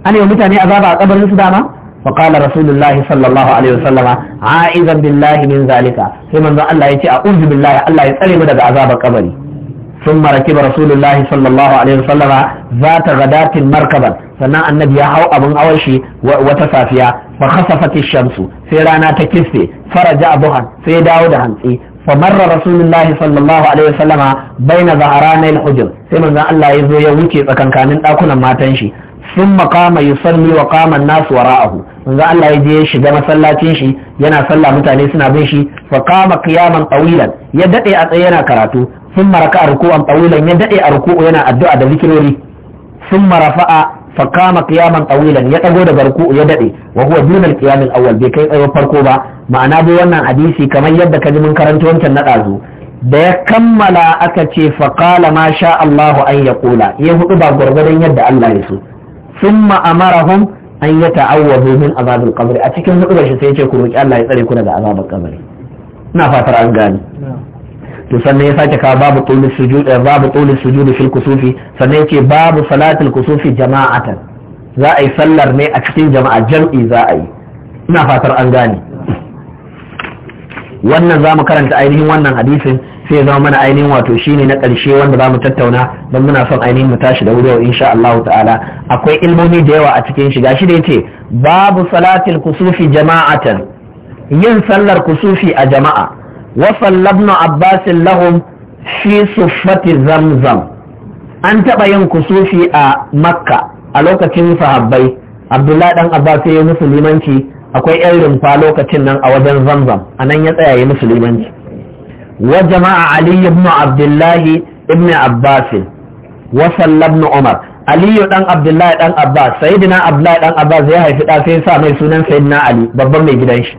an yi mutane azaba a kabarin su dama fa qala rasulullahi sallallahu alaihi wasallama a'izan billahi min zalika sai manzon Allah yace a'udhu billahi Allah ya tsare mu daga azabar kabari sun maraki ba rasulullahi صلى الله عليه وسلم ذات غداة مركبا sannan annabi ya hau abin awar shi wata safiya fa khasafati shamsu sai rana ta kisse faraja abuhan sai dawo da hantsi fa marra rasulullahi sallallahu alaihi wasallama baina zaharanil hujur sai manzon Allah ya zo ya wuce tsakankanin dakunan matan shi ثم قام يصلي وقام الناس وراءه manzo Allah ya je ya shiga masallacin shi yana sallah mutane suna bin shi fa qama qiyaman ya daɗe a tsaye yana karatu sun maraka a rukuwan tawilan ya daɗe a ruku'u yana addu'a da zikirori sun marafa'a fa kama qiyaman tawilan ya dago daga ruku'u ya daɗe wa huwa dunal qiyam al bai kai tsayo farko ba ma'ana bai wannan hadisi kamar yadda ka ji mun wancan na ɗazu da ya kammala aka ce fa qala ma sha Allahu an yaqula ya hudu ba gwargwadon yadda Allah ya so thumma amarahum an yata'awwadu min azabil qabr a cikin hudu shi sai ya ce ku roki Allah ya tsare ku daga azabar kabari ina fatar an gane to sannan ya sake kawo babu tuli sujud eh, babu tuli fil kusufi sannan yace babu salatul kusufi jama'atan za a yi sallar ne a cikin jama'a jam'i za a yi ina fatar an gane wannan za mu karanta ainihin wannan hadisin sai zama mana ainihin wato shine na ƙarshe wanda za mu tattauna don muna son ainihin mu tashi da wuri insha Allah ta'ala akwai ilmomi da yawa a cikin shi gashi da yace babu salatil kusufi jama'atan yin sallar kusufi a jama'a wasalla ibn abbas lahum fi suffati zamzam an taɓa yin kusufi a makka a lokacin sahabbai abdullahi dan abbas ya yi musulmanci akwai yan rumfa lokacin nan a wajen zamzam a nan ya tsaya ya musulmanci wa jama'a ali ibn abdullahi ibn abbas wa ibn umar aliyu dan abdullahi dan abbas sayyidina abdullahi dan abbas ya haifi da sai sa mai sunan sayyidina ali babban mai gidan shi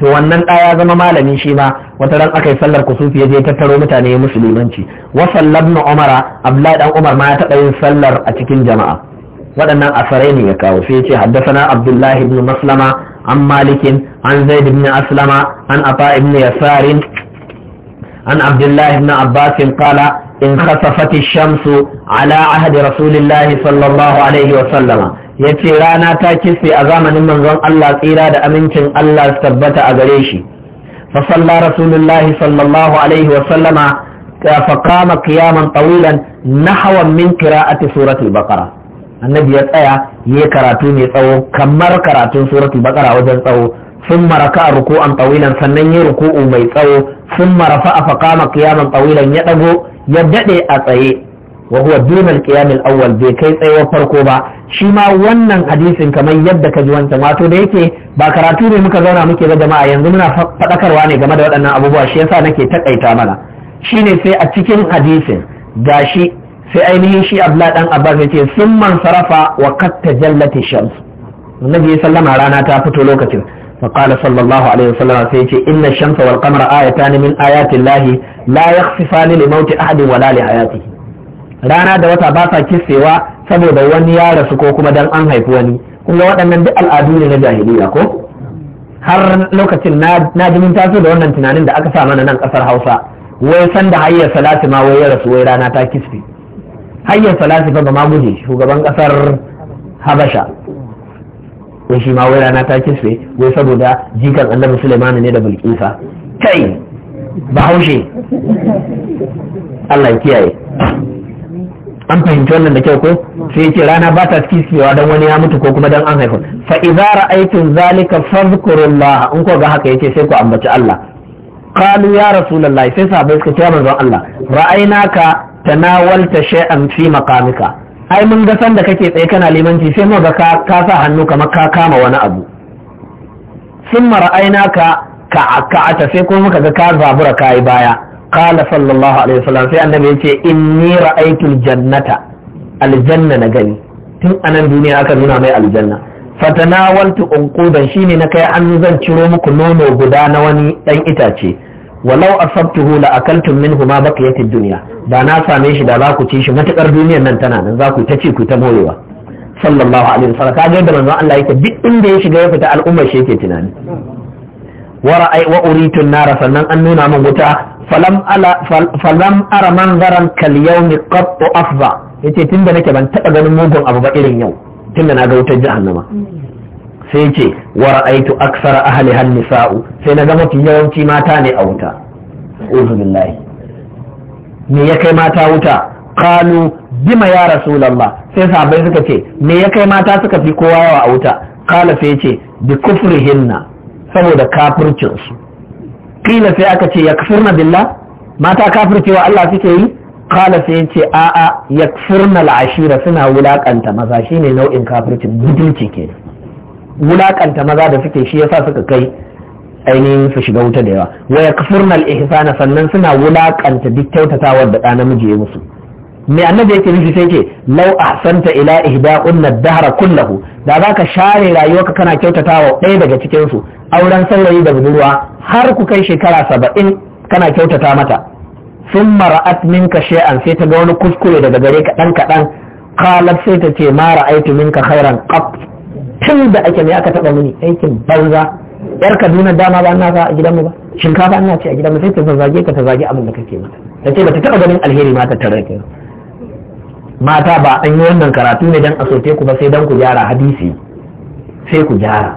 to wannan da ya zama malami shi ma wata ran aka yi sallar kusufi ya je tattaro mutane musulmanci wa sallabna umara abdullahi dan umar ma ya taɓa yin sallar a cikin jama'a waɗannan asarai ne ya kawo sai ya ce haddasana abdullahi ibn maslama an malikin an zaid ibn aslama an ata ibn yasarin an abdullahi ibn abbasin qala in khasafati shamsu ala ahdi rasulillahi sallallahu alaihi wa sallama yace rana ta kisse a zamanin manzon Allah tsira da amincin Allah tabbata a gare shi فصلى رسول الله صلى الله عليه وسلم فقام قياما طويلا نحو من قراءة سورة البقرة النبي يتأيى يكراتون يتأو كمر كراتون سورة البقرة وجن تأو ثم ركع ركوعا طويلا سنن ركوع ميتأو ثم رفع فقام قياما طويلا يتأو يبدأ أتأي وهو دون القيام الأول بكيس أيوة فرقوبة shi ma wannan hadisin kamar yadda ka ji wancan wato da yake ba karatu ne muka zauna muke ba jama'a yanzu muna faɗakarwa ne game da waɗannan abubuwa shi yasa nake takaita mana shine sai a cikin hadisin gashi sai ainihin shi abla dan abbas yace sun man sarafa wa qad tajallati shams annabi sallama rana ta fito lokacin فقال صلى ce عليه وسلم سيتي ta الشمس والقمر آيتان من آيات الله لا يخسفان لموت أحد ولا لحياته Rana da wata ba sa kissewa saboda wani ya rasu ko kuma dan an haifi wani kun waɗannan duk al'adu ne na jahiliya ko har lokacin na ji mun taso da wannan tunanin da aka sa mana nan ƙasar Hausa wai san da hayyar salati ma wai ya rasu wai rana ta kisfi hayyar salati fa ma maguje shugaban ƙasar Habasha wai shi ma wai rana ta kisfe wai saboda jikan annabi Sulaiman ne da Bilkisa kai bahaushe Allah ya kiyaye an fahimci wannan da kyau ko sai yake rana ba ta kiskewa dan wani ya mutu ko kuma dan an haifa fa idza ra'aytum zalika fadhkurullah in ko ga haka yace sai ku ambaci Allah qalu ya rasulullah sai sahabbai suka ce manzon Allah ra'aynaka tanawalta shay'an fi maqamika ai mun ga san da kake tsaye kana limanci sai mu ga ka sa hannu kamar ka kama wani abu summa ra'aynaka ka ka'ata sai kuma muka ga ka zabura kai baya qala sallallahu alaihi wasallam sai annabi yace inni ra'aytul jannata aljanna na gani tun anan duniya aka nuna mai aljanna fatanawaltu unqudan shine na kai an zan ciro muku nono guda na wani dan itace walau asabtuhu la akaltum minhu ma baqiyatid dunya da na same shi da za ku ci shi matakar duniyar nan tana nan za ku ta ci ku ta morewa sallallahu alaihi wasallam kaga da manzon Allah yake duk inda ya shiga ya fita al'umma shi yake tunani wa uritun nara sannan an nuna min wuta falam ala falam ara kal yawmi qattu afza yace tunda nake ban taba ganin mugun abu ba irin yau tunda na ga wutar jahannama sai ce wa ra'aitu aksara ahli hal nisa'u sai na ga mafi yawanci mata ne a wuta uzu billahi me ya kai mata wuta qalu bima ya rasulullah sai sahabbai suka ce me ya kai mata suka fi kowa yawa a wuta qala sai ce bi kufrihinna saboda kafircinsu kila sai aka ce yakfurna billah mata kafircewa Allah suke yi kala sai ya ce a'a yakfurna al'ashira suna wulakanta maza Shi ne nau'in kafircin budulci ke wulakanta maza da suke shi yasa suka kai ainihin su shiga wuta da yawa wa yakfurna al sannan suna wulakanta duk kyautatawar da ɗa namiji ya musu me annabi yake nufi sai ce law ahsanta ila ihda'unna ad-dahr kullahu da zaka share rayuwarka kana kyautatawa ɗaya daga cikin su auren saurayi da budurwa har ku kai shekara saba'in kana kyautata mata thumma ra'at minka shay'an sai ta ga wani kuskure daga gare ka dan kadan qalat sai ta ce ma ra'aitu minka khairan qat tun da ake ne aka taba mini aikin banza yar kaduna dama ba na a gidan mu ba shinkafa ina ce a gidan mu sai ta zage ka ta zage abin da kake mata ta ce ba ta taba ganin alheri ma ta tare ka mata ba an yi wannan karatu ne don a soke ku ba sai don ku gyara hadisi sai ku gyara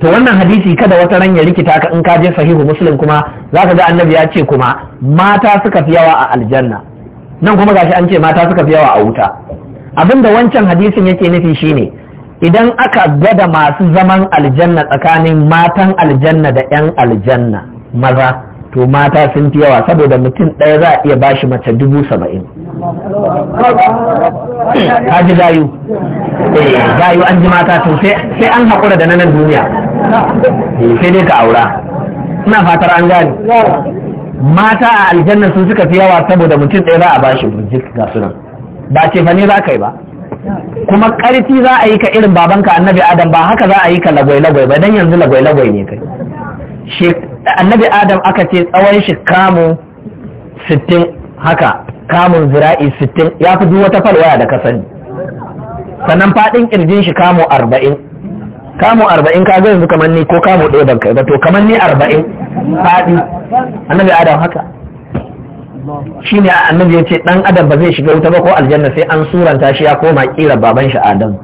to wannan hadisi kada wata ran ya rikita ka in ka je sahihu muslim kuma za ka ga annabi ya ce kuma mata suka fi yawa a aljanna nan kuma gashi an ce mata suka fi yawa a wuta abinda wancan hadisin yake nufi shine idan aka gwada masu zaman aljanna tsakanin matan aljanna da 'yan aljanna maza to mata sun fi yawa saboda mutum ɗaya za a iya bashi mace dubu saba'in ka ji gayu eh, gayu an ji mata to sai an haƙura da na nan duniya eh, sai dai ka aura ina fatar an gane mata a aljanna sun suka fi yawa saboda mutum ɗaya za a bashi burjik ga sunan ba ce fa ne za ka yi ba kuma ƙarfi za a yi ka irin babanka annabi adam ba haka za a yi ka lagwai-lagwai ba don yanzu lagwai-lagwai ne kai annabi adam aka ce tsawon shi kamu sittin haka kamun zira'i sittin ya fi duk wata falwaya da ka sani sannan faɗin ƙirjin shi kamu arba'in kamu arba'in ka ga yanzu kamar ni ko kamu ɗaya ban kai ba to kamar ni arba'in faɗi annabi adam haka shi ne annabi ya ce ɗan adam ba zai shiga wuta ba ko aljanna sai an suranta shi ya koma ƙira baban shi adam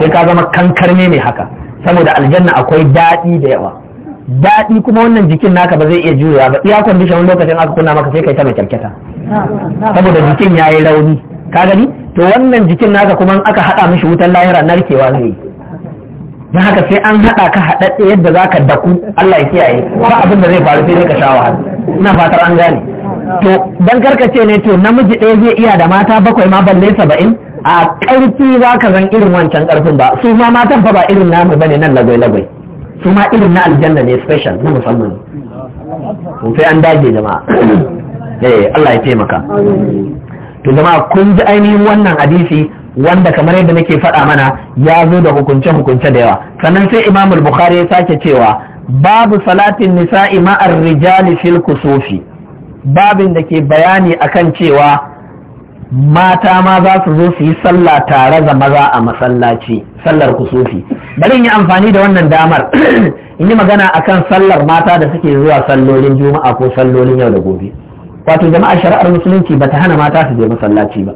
sai ka zama kankar ne haka saboda aljanna akwai daɗi da yawa daɗi kuma wannan jikin naka ba zai iya juya ba iya kwandishan wani lokacin aka kunna maka sai kai ta mai kyalkyata saboda jikin ya yi rauni ka gani to wannan jikin naka kuma aka haɗa mishi wutan lahira narkewa zai yi don haka sai an haɗa ka haɗaɗɗe yadda za ka daku Allah ya kiyaye ba abin da zai faru sai ka sha wahala ina fatar an gane to dan karkace ne to namiji ɗaya zai iya da mata bakwai ma balle saba'in a ƙarfi za ka zan irin wancan ƙarfin ba su ma matan fa ba irin namu ne nan lagwai lagwai su ma irin na aljanna ne special na musamman to sai an dage jama'a eh Allah ya taimaka to jama'a kun ji ainihin wannan hadisi wanda kamar yadda nake faɗa mana ya zo da hukunce-hukunce da yawa sannan sai imamul bukhari ya sake cewa babu salatin nisa'i ma'ar rijali fil kusufi babin da ke bayani akan cewa mata ma za su zo su yi sallah tare da maza a masallaci sallar kusufi bari in yi amfani da wannan damar in yi magana akan sallar mata da suke zuwa sallolin juma'a ko sallolin yau da gobe wato jama'a shari'ar musulunci bata hana mata su je masallaci ba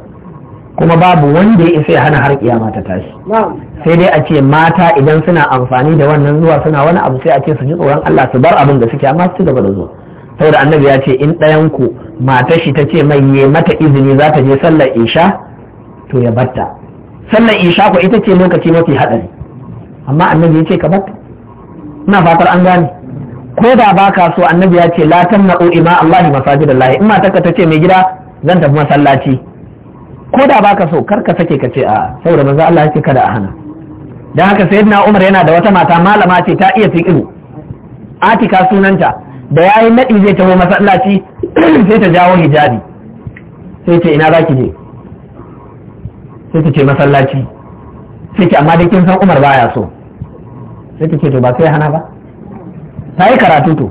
kuma babu wanda ya isa ya hana har kiyama ta tashi sai dai a ce mata idan suna amfani da wannan zuwa suna wani abu sai a ce su ji tsoron Allah su bar abin da suke amma su ci gaba da zuwa saboda annabi ya ce in ɗayan ku matar shi ta ce mai ye mata izini za ta je sallar isha to ya batta sallar isha ko ita ce lokaci mafi haɗari amma annabi ya ce ka batta ina fatar an gane ko da ba ka so annabi ya ce la tamna'u ima Allahi allah in matarka ta ce mai gida zan tafi masallaci ko da baka so kar ka sake ka ce a saboda manzo Allah ya ce kada a hana dan haka sayyidina Umar yana da wata mata malama ce ta iya fiqh Atika sunanta da ya yi naɗi zai taho masallaci sai ta jawo hijabi sai ce ina za ki je sai ta ce masallaci sai ce amma dai kin san umar baya so sai ta ce to ba sai hana ba ta yi karatu to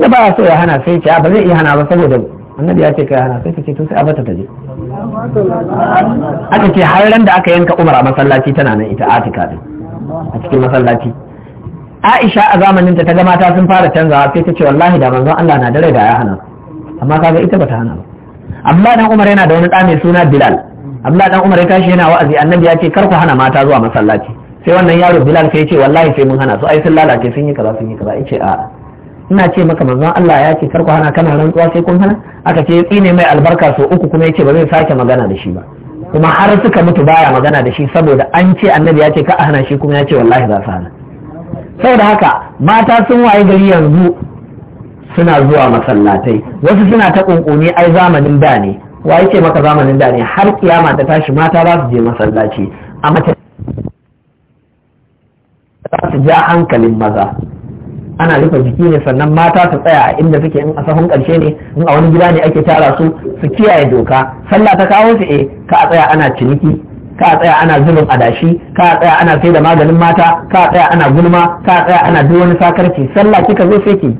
da baya so ya hana sai ce ba zai iya hana ba saboda annabi ya ce kai hana sai ta ce to sai abata ta je aka ce har ran da aka yanka umar a masallaci tana nan ita atika din a cikin masallaci Aisha a zamanin ta ga mata sun fara canzawa sai ta ce wallahi da manzon Allah na dare da ya hana amma kaga ita bata hana ba Abdullahi dan Umar yana da wani ɗa mai suna Bilal Abdullahi dan Umar ya tashi yana wa'azi annabi ya ce kar ku hana mata zuwa masallaci sai wannan yaro Bilal sai ya ce wallahi sai mun hana su ai sun lalace sun yi kaza sun yi kaza ce a'a ina ce maka manzon Allah ya ce kar ku hana kana rantsuwa sai kun hana aka ce tsine mai albarka so uku kuma ya ce ba zai sake magana da shi ba kuma har suka mutu baya magana da shi saboda an ce annabi ya ce ka hana shi kuma ya ce wallahi za su hana saboda haka mata sun waye gari yanzu suna zuwa masallatai wasu suna ta kunkuni ai zamanin da ne waye ce maka zamanin da ne har kiyama ta tashi mata za su je masallaci a mace za su ja hankalin maza ana rufe jiki ne sannan mata su tsaya a inda suke in a sahun karshe ne in a wani gida ne ake tara su su kiyaye doka sallah ta kawo su eh ka a tsaya ana ciniki ka tsaya ana zulun adashi ka tsaya ana sai da maganin mata ka tsaya ana gulma ka tsaya ana duk wani sakarci sallah kika zo sai ki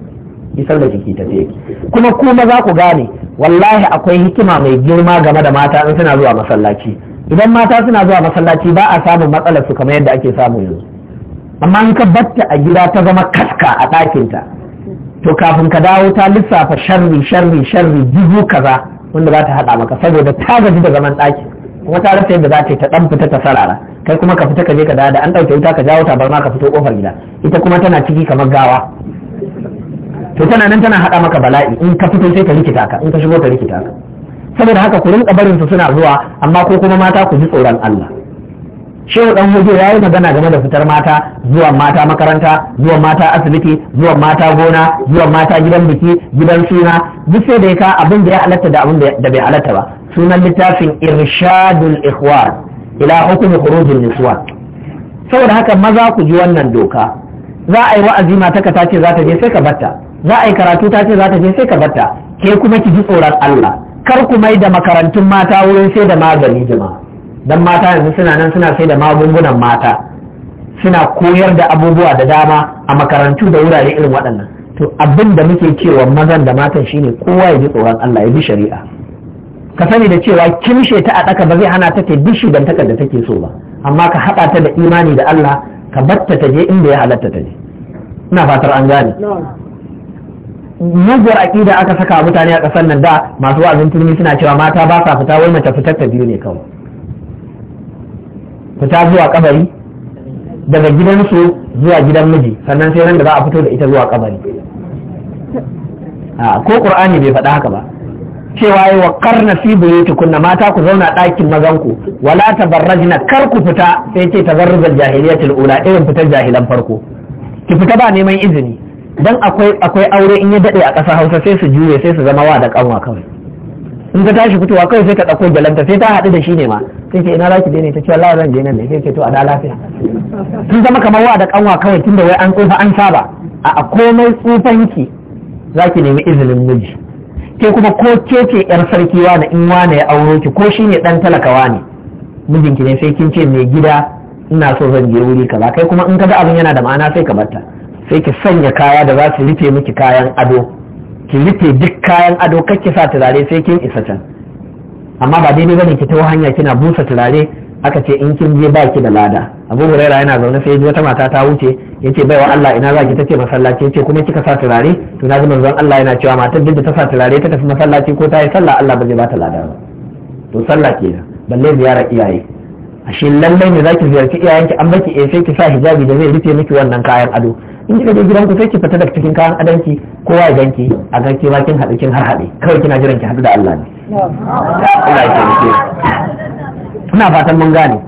ki sallah kiki ta sai kuma kuma za ku gane wallahi akwai hikima mai girma game da mata in suna zuwa masallaci idan mata suna zuwa masallaci ba a samun matsalar su kamar yadda ake samu yanzu amma in ka batta a gida ta zama kaska a ɗakinta to kafin ka dawo ta lissafa sharri sharri sharri dubu kaza wanda za ta haɗa maka saboda ta gaji da zaman ɗakin kuma ta rasa yadda za ta yi ta dan fita ta sarara kai kuma ka fita ka je ka da an ɗauke wuta ka jawo ta ma ka fito kofar gida ita kuma tana ciki kamar gawa to tana nan tana haɗa maka bala'i in ka fito sai ta rikita ka in ka shigo ka likita ka saboda haka ku rinka barin suna zuwa amma ko kuma mata ku ji tsoron Allah shehu dan hojo ya yi magana game da fitar mata zuwa mata makaranta zuwa mata asibiti zuwa mata gona zuwa mata gidan biki gidan suna duk sai da ka abin da ya halatta da abin da bai halatta ba sunan littafin irshadul ikhwan ila hukumi khurujin niswan saboda haka maza ku ji wannan doka za a yi wa'azi mata ka tace za ta je sai ka batta za a yi karatu ta ce za ta je sai ka batta ke kuma ki ji tsoron Allah kar ku mai da makarantun mata wurin sai da magani jama'a dan mata yanzu suna nan suna sai da magungunan mata suna koyar da abubuwa da dama a makarantu da wurare irin waɗannan to abin da muke cewa mazan da matan shine kowa ya ji tsoron Allah ya bi shari'a ka sani da cewa kimshe ta a ɗaka ba zai hana ta ta bi takarda da take so ba amma ka haɗa ta da imani da Allah ka batta ta je inda ya halatta ta je ina fatar an gane muguwar aƙida aka saka mutane a ƙasar nan da masu wa'azin turmi suna cewa mata ba sa fita wai mace fitar ta biyu ne kawai fita zuwa kabari daga gidansu zuwa gidan miji sannan sai nan da za a fito da ita zuwa kabari ah, ko qur'ani bai faɗa haka ba cewa yi wa karna fi kunna mata ku zauna ɗakin mazanku wala tabarrajna kar ku fita sai ce jahiliya jahiliyatul ula irin fitar jahilan farko ki fita ba neman izini dan akwai akwai aure in ya daɗe a ƙasa Hausa sai su juye sai su zama wa da kanwa kawai in ta tashi fitowa kawai sai ta ɗauko gyalanta sai ta haɗu da shi ne ma sai ce ina zaki daina ta ce Allah zan je nan ne sai ce to a da lafiya sun zama kamar wa da kanwa kawai tunda wai an tsufa an saba a komai tsufan tsufanki zaki nemi izinin miji ke kuma ko ke ce yar sarki na in wani ya auro ki ko shi ne dan talakawa ne mijinki ne sai kin ce mai gida ina so zan je wuri kaza kai kuma in ka ga abin yana da ma'ana sai ka bata sai ki sanya kaya da za su rufe miki kayan ado ki rufe duk kayan ado ki sa turare sai kin isa can amma ba daidai bane ki ta hanya kina busa turare aka ce in kin je baki da lada abu huraira yana zaune sai wata mata ta wuce yace bai wa Allah ina zaki tace masallaci yace kuma kika sa turare to na ji manzon Allah yana cewa matar duk da ta sa turare ta tafi masallaci ko ta yi sallah Allah ba zai bata lada ba to sallah kenan balle ziyara iyaye ashe lallai ne zaki ziyarci iyayenki an baki eh sai ki sa hijabi da zai rufe miki wannan kayan ado in kika je gidanku sai ki fita daga cikin kayan adanki kowa ya ganki a ganki ba kin haɗu kin har haɗe kawai kina jiran ki haɗu da Allah ne ina fatan mun gane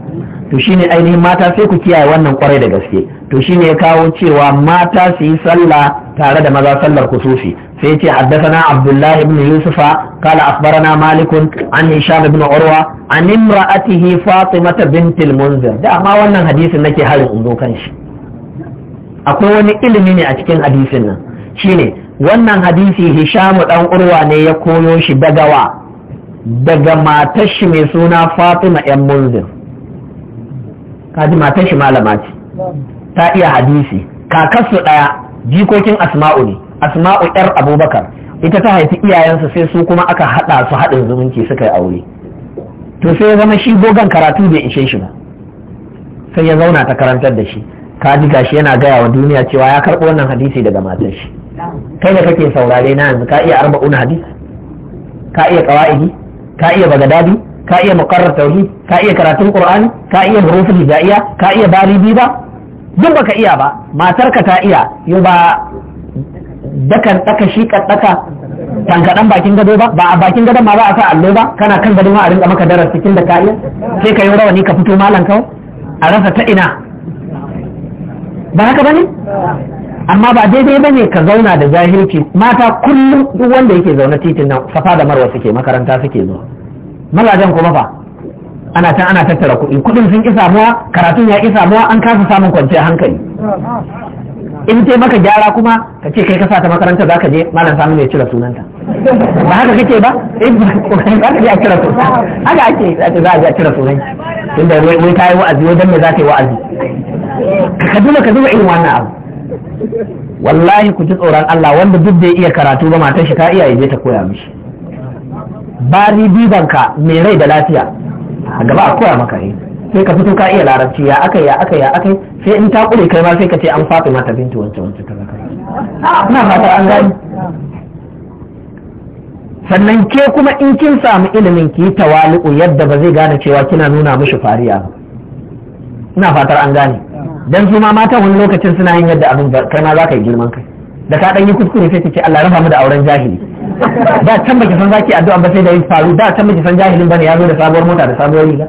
to shine ainihin mata sai ku kiyaye wannan kwarai da gaske to shine ya kawo cewa mata su yi sallah tare da maza sallar kusufi sai ce haddathana abdullahi ibn yusufa qala akhbarana malik an hisham ibn urwa an imra'atihi fatimata bint al-munzir da amma wannan hadisin nake harin in zo kan shi akwai wani ilimi ne a cikin hadisin nan shine wannan hadisi hishamu ɗan urwa ne ya koyo shi daga wa daga matar mai suna fatima yan munzir kaji matar shi malama ce ta iya hadisi kakarsu ɗaya jikokin asma'u ne asma'u yar abubakar ita ta haifi iyayensa sai su kuma aka haɗa su haɗin zumunci suka yi aure to sai ya zama shi gogan karatu bai ishe shi ba sai ya zauna ta karantar da shi ka ji gashi yana gaya wa duniya cewa ya karɓo wannan hadisi daga matan shi kai da kake saurare na yanzu ka iya arba'un hadis ka iya qawaidi ka iya bagadadi ka iya muqarrar tauhid ka iya karatun qur'ani ka iya huruful hijaiya ka iya balibi ba duk baka iya ba matarka ta iya yo ba dakan daka shi daka tankadan bakin gado ba ba a bakin gadon ma za a sa allo ba kana kan gado ma a rinka maka darar cikin da ka iya sai ka yi rawani ka fito malam kawai a rasa ta ina ba haka bane amma ba daidai bane ka zauna da jahilci mata kullum duk wanda yake zaune titin nan safa da marwa suke makaranta suke zuwa mazajen kuma fa ana can ana tattara kuɗi kuɗin sun isa samuwa karatun ya isa samuwa an kasa samun kwanciyar hankali in ce maka gyara kuma ka ce kai ka sata makaranta za ka je malam samu ne cire sunanta ba haka kake ba in ba ka je a cire sunanta haka ake za a je a cire sunanta tunda wai ta yi wa'azi wajen me za ta yi wa'azi ka duba ka duba irin wannan abu wallahi ku ji tsoron Allah wanda duk da iya karatu ba matar shi ta iya yaje ta koya mishi bari bibanka mai rai da lafiya a gaba a koya maka ne sai ka fito ka iya larabci ya akai ya akai ya akai sai in ta kure kai ma sai ka ce an faɗi mata binti wancan wancan kaza kaza ina fata an gani sannan ke kuma in kin samu ilimin ki tawali'u yadda ba zai gane cewa kina nuna mishi fariya ba ina fatar an gane dan su ma matan wani lokacin suna yin yadda abin kai ma za ka yi girman kai da ka ɗan yi kuskure sai ta ce Allah rafa mu da auren jahili da can baki san zaki addu'a ba sai da yi faru da can baki san jahilin bane ya zo da sabuwar mota da sabuwar riga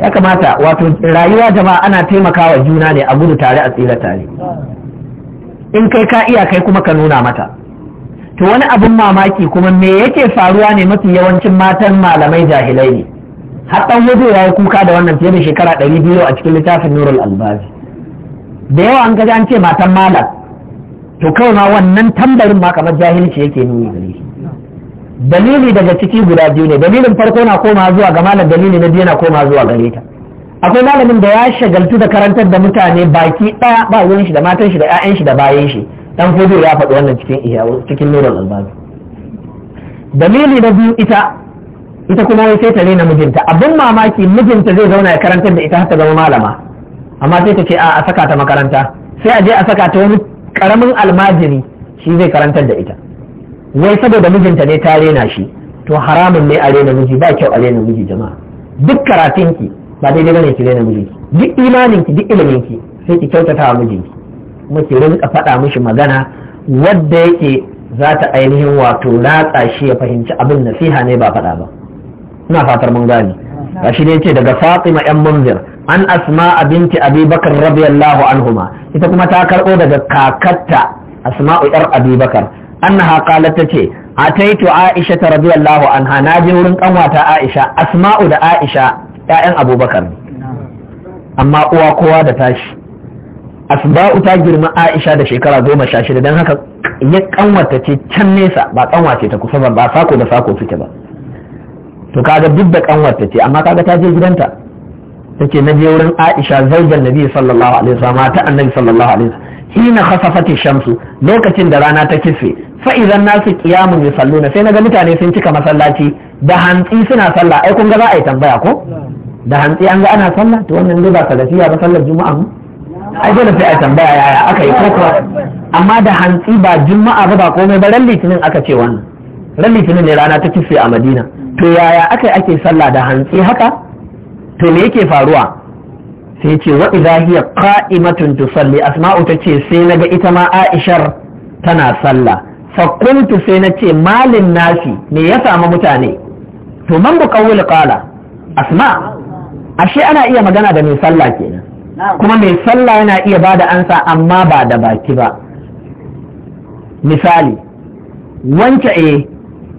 ya kamata wato rayuwa jama'a ana taimakawa juna ne a gudu tare a tsira tare in kai ka iya kai kuma ka nuna mata to wani abin mamaki kuma me yake faruwa ne mafi yawancin matan malamai jahilai ne har dan waje ya yi kuka da wannan fiye da shekara ɗari biyu a cikin littafin nurul albazi da yawa an gaji an ce matan malam to kawai ma wannan tambarin ma kamar jahilci yake nuni gare shi dalili daga ciki guda biyu ne dalilin farko na koma zuwa ga malam dalili na biyu na koma zuwa gare ta akwai malamin da ya shagaltu da karantar da mutane baki ɗaya ba wurin shi da matan shi da 'ya'yan shi da bayan shi dan fudu ya faɗi wannan cikin iyawo cikin nurul albazi dalili na biyu ita ita kuma wai sai ta rena mijinta abin mamaki mijinta zai zauna ya karantar da ita har ta zama malama amma sai ta ce a saka ta makaranta sai a je a saka ta wani karamin almajiri shi zai karantar da ita wai saboda mijinta ne ta rena shi to haramun ne a rena miji ba kyau a rena miji jama'a duk karatunki ba daidai bane ki rena miji duk ki duk ilimin ki sai ki kyautata wa mijinki kuma ki rinka faɗa mishi magana wadda yake za ta ainihin wato ratsa shi ya fahimci abin nasiha ne ba faɗa ba ina fatar mun gane shi ne ce daga Fatima yan Munzir an Asma binti Abibakar. radiyallahu anhuma ita kuma ta karɓo daga kakatta Asma'u yar Abi ce annaha qalat tace ataitu Aisha radiyallahu anha naje wurin kanwata Aisha Asma'u da Aisha ƴaƴan Abubakar amma uwa kowa da tashi asba'u ta girma aisha da shekara goma sha shida don haka ya kanwata ce can nesa ba kanwace ta kusa ba ba sako da sako suke ba to kaga duk da ta ce amma kaga ta je gidanta ce na je wurin Aisha zaujan Nabi sallallahu alaihi wasallam mata Annabi sallallahu alaihi wasallam hina khasafati shamsu lokacin da rana ta kife fa idan nasu qiyamun yusalluna sai naga mutane sun cika masallaci da hantsi suna sallah ai kun ga za a yi tambaya ko da hantsi an ga ana sallah to wannan ne ba salafiya ba sallar juma'a mu ai dole sai a tambaya yaya aka yi koko amma da hantsi ba juma'a ba ba komai ba ran litinin aka ce wannan ran litinin ne rana ta kife a Madina to yaya aka yi ake sallah da hantsi haka to me yake faruwa sai ce wa idza hiya qa'imatun tusalli asma'u tace sai naga ita ma aishar tana sallah fa qultu sai nace malin nasi me ya samu mutane to man bu qawl qala asma ashe ana iya magana da mai sallah kenan kuma mai sallah yana iya bada ansa amma ba da baki ba misali wanke eh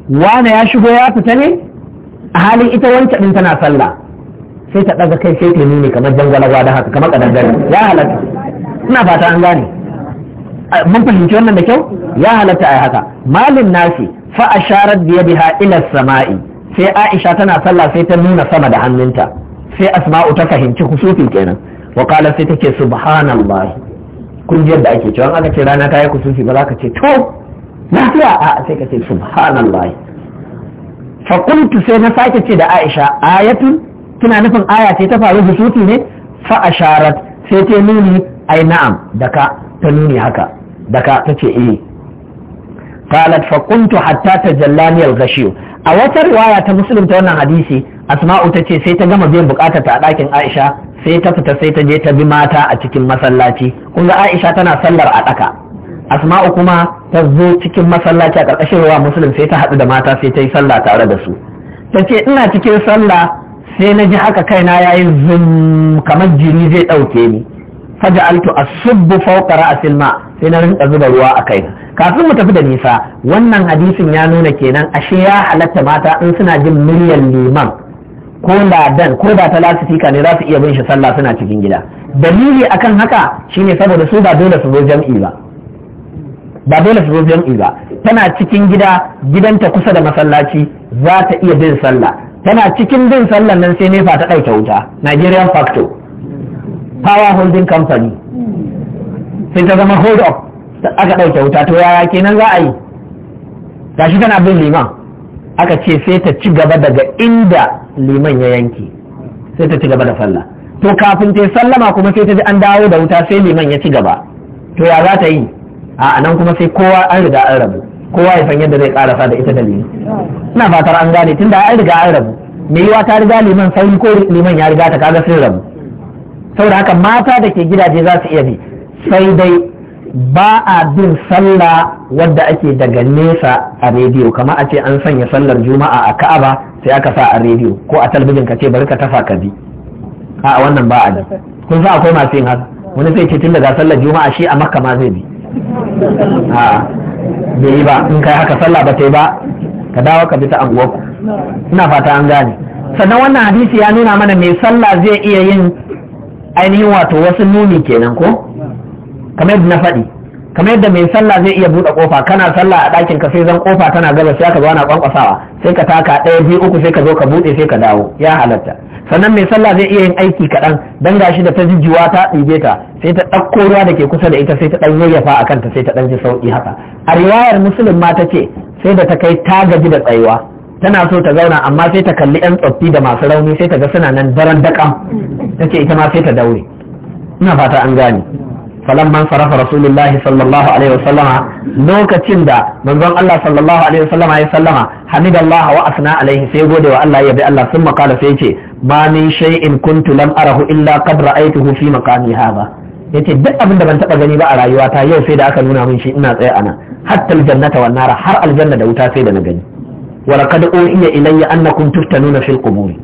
wane ya shigo ya fita ne a halin ita wancan din tana sallah sai ta ɗaga kai sai ta nuni kamar gwalagwa da haka kamar gari ya halatta ina fata an gane mun fahimci wannan da kyau ya halatta a haka malin nasi fa asharat bi biha ila sama'i sai aisha tana sallah sai ta nuna sama da hannunta sai asma'u ta fahimci kusufi kenan wa qala sai take subhanallah kun ji yadda ake cewa aka ce rana ta yi kusufi ba za ka ce to lafiya a sai ka ce subhanallah fa kuntu sai na sake ce da Aisha ayatun kina nufin aya ce ta faru husuti ne fa asharat sai ta nuni ai na'am daka ta nuni haka daka ta ce eh kuntu hatta tajallani al الغشيو a wata riwaya ta muslim ta wannan hadisi asma'u ta ce sai ta gama biyan bukata ta a aisha sai ta fita sai ta je ta bi mata a cikin masallaci kun ga aisha tana sallar a ɗaka asma'u kuma ta zo cikin masallaci a ƙarƙashin ruwa musulun sai ta haɗu da mata sai ta yi sallah tare da su ta ce ina cikin sallah sai na ji haka kaina ya yi zum kamar jiri zai ɗauke ni faja altu a subbu fauka a silma sai na rinka zuba ruwa a kai kafin mu tafi da nisa wannan hadisin ya nuna kenan ashe ya halatta mata in suna jin muryar liman ko ladan ko da ta lasifika ne za su iya bin shi sallah suna cikin gida dalili akan haka shine saboda su ba dole su zo jam'i ba ba dole su zo jam'i ba tana cikin gida gidanta kusa da masallaci za ta iya bin sallah tana cikin bin sallah nan sai nefa ta ɗauke wuta nigerian factor power holding company sai ta zama hold up aka ɗauke wuta to yaya kenan za a yi shi tana bin liman aka ce sai ta ci gaba daga inda liman ya yanki sai ta ci gaba da sallah to kafin ta yi sallama kuma sai ta ji an dawo da wuta sai liman ya ci gaba to ya za ta yi a nan kuma sai kowa an riga an rabu kowa ya san yadda zai karasa da ita da ina fatar an gane tunda an riga an rabu me yiwa ta riga liman sauri ko liman ya riga ta kaga sun rabu saboda haka mata da ke gidaje za su iya bi sai dai ba a bin sallah wadda ake daga nesa a rediyo kamar a ce an sanya sallar juma'a a ka'aba sai aka sa a rediyo ko a talbijin ka ce bari ka tafa ka bi a wannan ba a bi kun sa akwai masu yin haka wani zai ce tun daga sallar juma'a shi a makka ma zai bi a bai yi ba in kai haka sallah ba ta yi ba ka dawo ka bi ta anguwarku ina fata an gane sannan wannan hadisi ya nuna mana mai sallah zai iya yin ainihin wato wasu nuni kenan ko kamar yadda na faɗi kamar yadda mai sallah zai iya buɗe kofa kana sallah a ɗakin ka sai zan kofa tana gaba sai ka zo ana kwankwasawa sai ka taka ɗaya biyu uku sai ka zo ka buɗe sai ka dawo ya halatta sannan mai sallah zai iya yin aiki kaɗan dan gashi da ta jijjiwa ta ɗige ta sai ta ɗauko ruwa da ke kusa da ita sai ta ɗan yayyafa a kanta sai ta ɗan ji sauƙi haka a riwayar musulun ma ta ce sai da ta kai ta gaji da tsayuwa tana so ta zauna amma sai ta kalli yan tsoffi da masu rauni sai ta ga suna nan daren daƙam ta ce ita ma sai ta daure ina fata an gane falamman sarafa rasulullahi sallallahu alaihi wasallama lokacin da manzon Allah sallallahu alaihi sallama ya sallama hamidallahi wa asna alaihi sai gode wa Allah ya bi Allah sun makala sai ce ma min in kuntu lam arahu illa qad ra'aytuhu fi maqami hadha yace duk abin da ban taɓa gani ba a rayuwata yau sai da aka nuna min shi ina tsaye ana hatta aljannata wan har aljanna da wuta sai da na gani wa laqad uhiya ilayya annakum tuftanuna fil quburi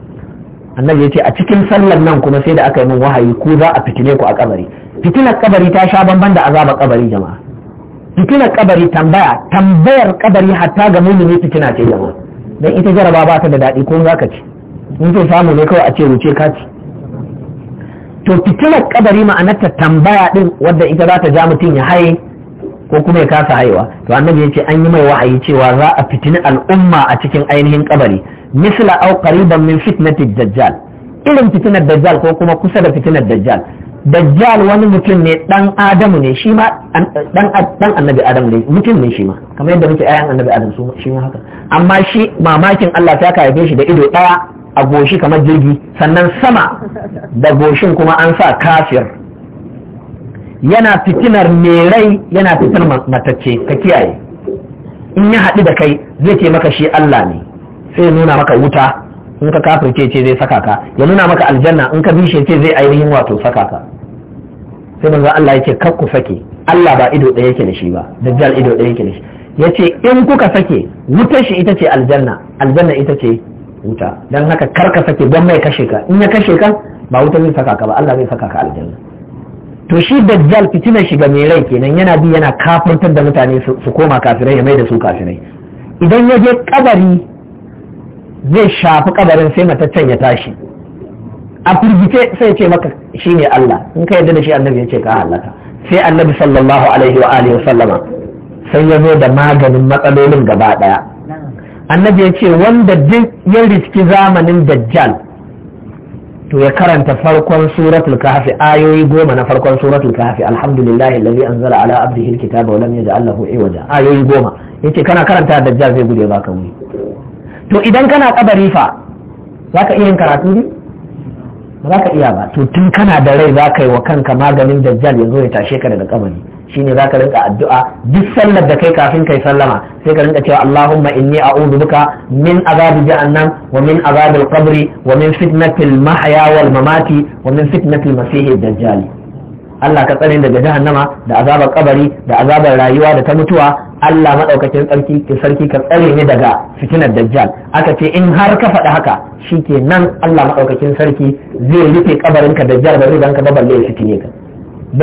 annabi yace a cikin sallar nan kuma sai da aka yi min wahayi ku za a fitile ku a kabari fitilar kabari ta sha bamban da azabar kabari jama'a fitilar kabari tambaya tambayar kabari hatta ga mumini fitina ce jama'a dan ita jaraba ba ta da daɗi ko za ka ci in ce samu ne kawai a ce wuce ka ci to fitilar kabari ma'anarta tambaya din wadda ita za ta ja mutum ya haye ko kuma ya kasa haiwa to annabi ce an yi mai wa'ayi cewa za a fitini al'umma a cikin ainihin kabari misla au qariban min fitnati dajjal irin fitinar dajjal ko kuma kusa da fitinar dajjal dajjal wani mutum ne dan adamu ne shi ma dan annabi adam ne mutum ne shi ma kamar yadda muke ayan annabi adam su shi ma haka amma shi mamakin Allah ta ka shi da ido daya a goshi kamar jirgi sannan sama da goshin kuma an sa kafir yana fitinar merai, rai yana fitinar matacce ka kiyaye in ya haɗu da kai zai ce maka shi Allah ne sai nuna maka wuta in ka kafirce ce zai saka ka ya nuna maka aljanna in ka bishe ce zai ainihin wato saka ka sai manzo Allah yake kar ku sake Allah ba ido ɗaya yake da shi ba dajjal ido ɗaya yake da shi ya ce in kuka sake wutar shi ita ce aljanna aljanna ita ce wuta Dan haka kar ka sake don mai kashe ka in ya kashe ka ba wuta zai saka ka ba Allah zai saka ka aljanna to shi dajjal fitinar ga mai rai kenan yana bi yana kafirtar da mutane su koma kafirai ya mai da su kafirai idan ya je kabari zai shafi kabarin sai mataccen ya tashi a firgice sai ce maka shi ne Allah in ka yarda da shi annabi ya ce ka halata. sai annabi sallallahu alaihi wa alihi wa sallama sai ya zo da maganin matsalolin gaba daya annabi ya ce wanda duk ya riski zamanin dajjal to ya karanta farkon suratul kahfi ayoyi goma na farkon suratul kahfi alhamdulillahi alladhi anzala ala abdihi alkitaba wa lam yaj'al lahu iwaja ayoyi goma yace kana karanta dajjal zai gude baka wuri to idan kana kabari fa za ka iya karatu ne ba za ka iya ba to tun kana da rai za ka yi wa kanka maganin dajjal ya zo ya tashe ka daga kabari shine za ka rinka addu'a duk sallar da kai kafin kai sallama sai ka rinka cewa Allahumma inni a'udhu bika min azabi jahannam wa min azabil qabri wa min fitnatil mahya wal mamati wa min fitnatil masiihid dajjal Allah ka tsare daga jahannama da azabar kabari da azabar rayuwa da ta mutuwa Allah madaukakin sarki ki sarki ka tsare ni daga fitinar dajjal aka ce in har ka faɗi haka shike nan Allah madaukakin sarki zai rufe kabarin ka dajjal ba zai ka ba balle ya fitine ka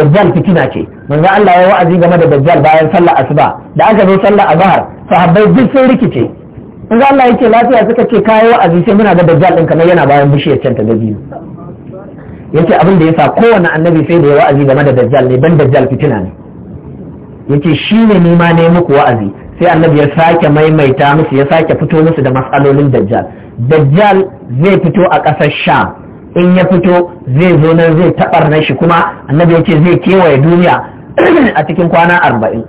dajjal fitina ce manzo Allah ya wa'azi game da dajjal bayan sallar asuba da aka zo sallar azhar sahabbai duk sun rikice manzo Allah yake lafiya suka ce kai wa'azi sai muna ga dajjal din kamar yana bayan bishiyar canta da biyu yace abin da yasa kowane annabi sai da ya wa'azi game da dajjal ne ban dajjal fitina ne yace shine ne ma ne muku wa'azi sai annabi ya sake maimaita musu ya sake fito musu da matsalolin dajjal dajjal zai fito a ƙasar sha. in ya fito zai zo nan zai taɓar na shi kuma annabi ya ce zai kewaye duniya a cikin kwana arba'in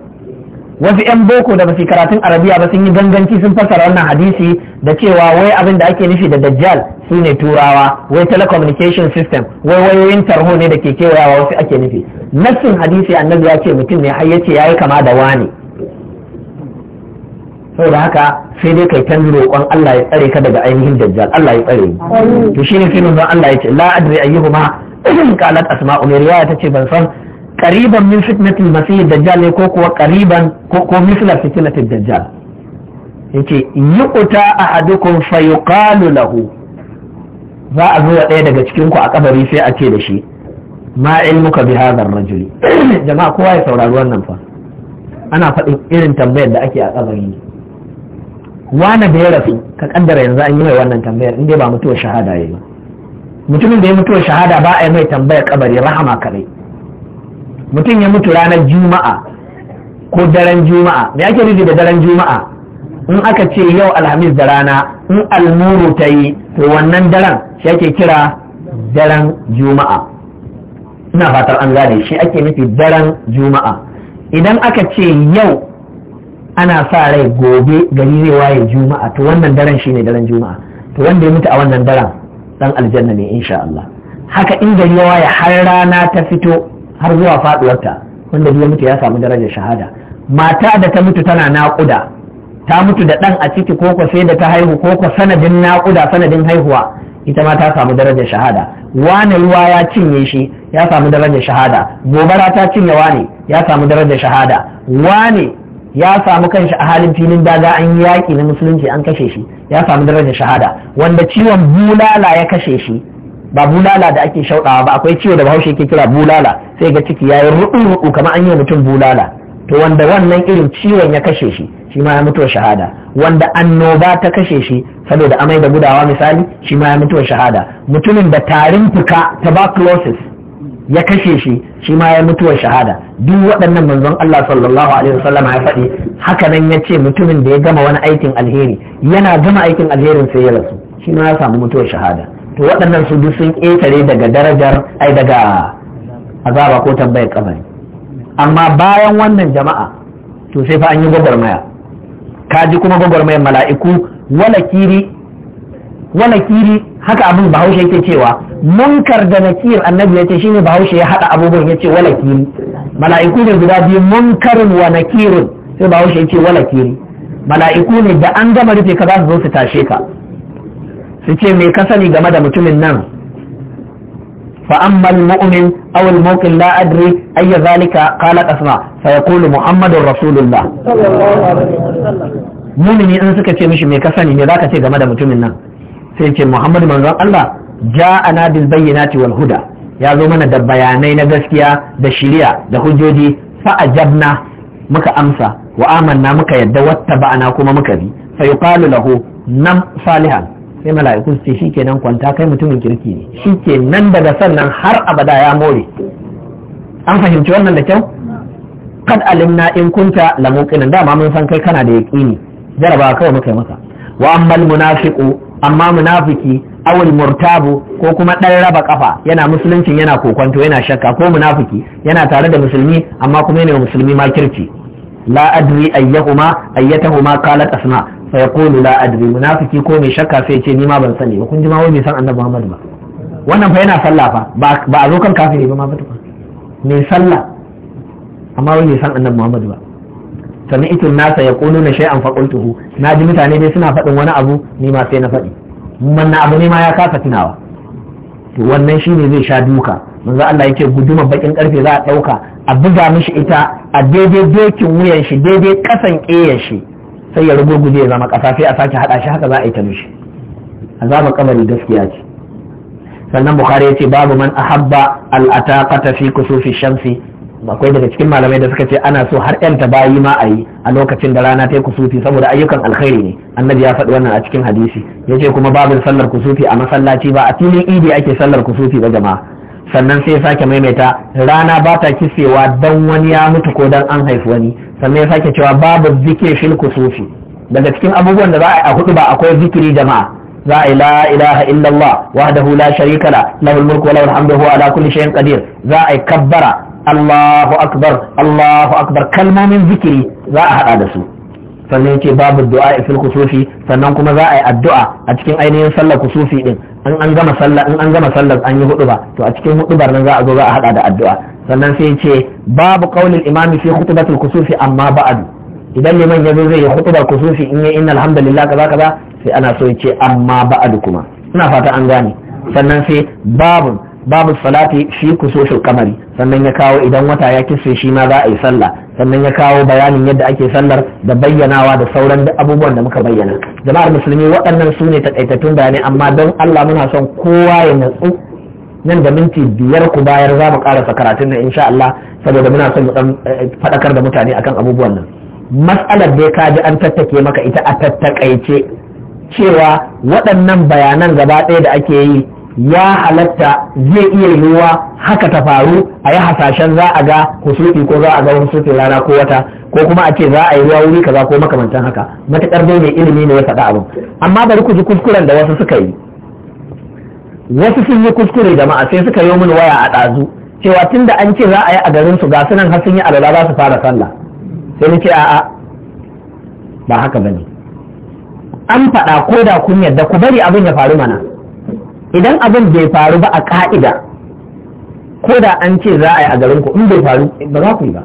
wasu 'yan boko da basu karatun arabiya ba sun yi ganganci sun fassara wannan hadisi da cewa wai abin da ake nufi da dajjal su ne turawa wai telecommunication system wai wayoyin tarho ne da ke kewayawa wasu ake nufi nassin hadisi annabi ya ce mutum ne har yace yayi kama da wani saboda haka sai dai kai tanzu roƙon Allah ya tsare ka daga ainihin dajjal Allah ya tsare to shine sai Allah ya ce la adri ayyuhuma qalat asma'u riwaya ce ban san Ƙariban min fitnati masih dajjal ne ko kuwa ƙariban ko ko misla fitnati dajjal yace yuqta ahadukum fayuqalu lahu za a zo ɗaya daga cikin ku a kabari sai a ce da shi ma ilmuka bi hadhar rajuli jama'a kowa ya saurari wannan fa ana faɗin irin tambayar da ake a kabari wani da ya rasu ka kaddara yanzu an yi mai wannan tambayar in dai ba mutuwar shahada ya ba mutumin da ya mutuwar shahada ba a yi mai tambayar kabari rahama kadai mutum ya mutu ranar juma'a ko daren juma'a me ake nufi da daren juma'a in aka ce yau alhamis da rana in almuru ta yi to wannan daren shi ake kira daren juma'a ina fatar an gane shi ake nufi daren juma'a idan aka ce yau ana sa rai gobe gari zai waye juma'a to wannan daren shi ne daren juma'a to wanda ya mutu a wannan daren dan aljanna ne insha Allah haka in gari ya waye har rana ta fito har zuwa faduwarta wanda ya mutu ya samu darajar shahada mata da ta mutu tana naƙuda ta mutu da ɗan a ciki ko sai da ta haihu ko sanadin naƙuda sanadin haihuwa ita ma ta samu darajar shahada wane ruwa ya cinye shi ya samu darajar shahada gobara ta cinye wane ya samu darajar shahada wane ya samu kanshi a halin filin daga an yi yaƙi na musulunci an kashe shi ya samu darajar shahada wanda ciwon bulala ya kashe shi ba bulala da ake shauɗawa ba akwai ciwo da bahaushe ke kira bulala sai ga ciki yayi rudu rudu kamar an yi mutum bulala to wanda wannan irin ciwon ya kashe shi shi ma ya mutuwa shahada wanda annoba ta kashe shi saboda amai da gudawa misali shi ma ya mutuwa shahada mutumin da tarin fuka tuberculosis ya kashe shi shi ma ya mutuwa shahada duk waɗannan manzon Allah sallallahu alaihi wasallam ya faɗi haka nan ya ce mutumin da ya gama wani aikin alheri yana gama aikin alherin sai ya rasu shi ma ya samu mutuwar shahada to waɗannan su duk sun ƙetare daga darajar ai daga azaba ko tambayar kamari. amma bayan wannan jama'a to sai fa an yi gwagwarmaya ka ji kuma gwagwarmayar mala'iku wala kiri wala kiri haka abin bahaushe yake cewa munkar da nakir annabi ya ce shine bahaushe ya haɗa abubuwan ya ce wala kiri mala'iku ne guda biyu munkar wa nakirin sai bahaushe ya ce wala kiri mala'iku ne da an gama rufe ka za su zo su tashe ka su ce me ka sani game da mutumin nan fa amma mu'min aw al muqin la adri ay zalika qala asma fa yaqulu muhammadur rasulullah mumini in suka ce mishi me ka sani me zaka ce game da mutumin nan sai ce muhammad manzon Allah ja'ana bil bayyinati wal huda ya zo mana da bayanai na gaskiya da shiriya da hujjoji fa ajabna muka amsa wa amanna muka yadda watta ba'ana kuma muka bi fa yuqalu lahu nam salihan sai mala'iku su ce nan kwanta kai mutumin kirki ne Shi nan daga sannan har abada ya more an fahimci wannan da kyau kad alimna in kunta lamuqinin dama mun san kai kana da yaqini jaraba kawai muka maka wa ammal munafiqu amma munafiki awul murtabu ko kuma ɗan raba kafa yana musuluncin yana kokonto yana shakka ko munafiki yana tare da musulmi amma kuma yana musulmi ma kirki la adri ayyahuma ayyatahuma qalat asma fa yaqulu la adri munafiki ko mai shakka sai ce ni ban sani ba kun ji bai san annabi Muhammad ba wannan fa yana sallah ba a zo kan kafiri ba ma ba amma wai bai san annabi Muhammad ba sannan itin nasa ya kulu na shay'an fa qultuhu na ji mutane dai suna faɗin wani abu ni sai na faɗi mun abu ne ya kasa tunawa to wannan shine zai sha duka manzo Allah yake guduma bakin karfe za a dauka a buga mishi ita a daidai dokin wuyan shi daidai kasan ƙeyar shi sai ya rugurguje ya zama kasa sai a sake hada shi haka za a yi ta mishi azabar kabari gaskiya ce sannan bukhari ya ce babu man ahabba al'ataqata fi kusufi shamsi akwai daga cikin malamai da suka ce ana so har yan bayi ma a yi a lokacin da rana ta yi kusufi saboda ayyukan alkhairi ne annabi ya faɗi wannan a cikin hadisi ya ce kuma babu sallar kusufi a masallaci ba a filin idi ake sallar kusufi ba jama'a sannan sai ya sake maimaita rana ba ta kisewa dan wani ya mutu ko dan an haifi wani sannan ya sake cewa babu zikir fil kusufi daga cikin abubuwan da za a yi a hudu ba akwai zikiri jama'a za a yi la ilaha illallah wahdahu la sharika la lahul mulku wa lahul hamdu huwa ala kulli shay'in qadir za a yi kabbara Allahu akbar Allahu akbar kalmomin zikiri za a hada da su sannan yace babu du'a fil kusufi sannan kuma za a yi addu'a a cikin ainihin sallar kusufi din in an gama sallar in an gama sallar an yi huduba to a cikin huɗubar nan za a zo za a hada da addu'a sannan sai yace babu qaulil imami fi khutbatil kusufi amma ba'd idan liman yazo zai yi hutubar kusufi in yi inna alhamdulillah kaza kaza sai ana so yace amma ba'd kuma ina fata an gane sannan sai babu babu salati fi kusushul kamari sannan ya kawo idan wata ya kisse shi ma za a yi sallah sannan ya kawo bayanin yadda ake sallar da bayyanawa da sauran abubuwan da muka bayyana jama'ar musulmi waɗannan su ne takaitattun bayanai amma don Allah muna son kowa ya natsu nan da minti biyar ku bayar za mu karasa karatun nan insha Allah saboda muna son mu dan eh, da mutane akan abubuwan nan mas'alar da ka ji an tattake maka ita a tattakaice cewa waɗannan bayanan gaba ɗaya da ake yi ya halatta zai iya yiwuwa haka ta faru a yi hasashen za a ga kusurfi ko za a ga wani rana ko wata ko kuma a ce za a yi ruwa wuri kaza ko makamantan haka matakar dai mai ilimi ne ya faɗa abin amma bari ku ji kuskuren da wasu suka yi wasu sun yi kuskure jama'a sai suka yi min waya a ɗazu cewa tunda an ce za a yi a garin su ga sunan har sun yi alala za su fara sallah sai ni ce a'a ba haka bane an faɗa ko da kun yarda ku bari abin ya faru mana idan abin bai faru ba a ka'ida ko da an ce za a yi a garin ku in bai faru ba za ku yi ba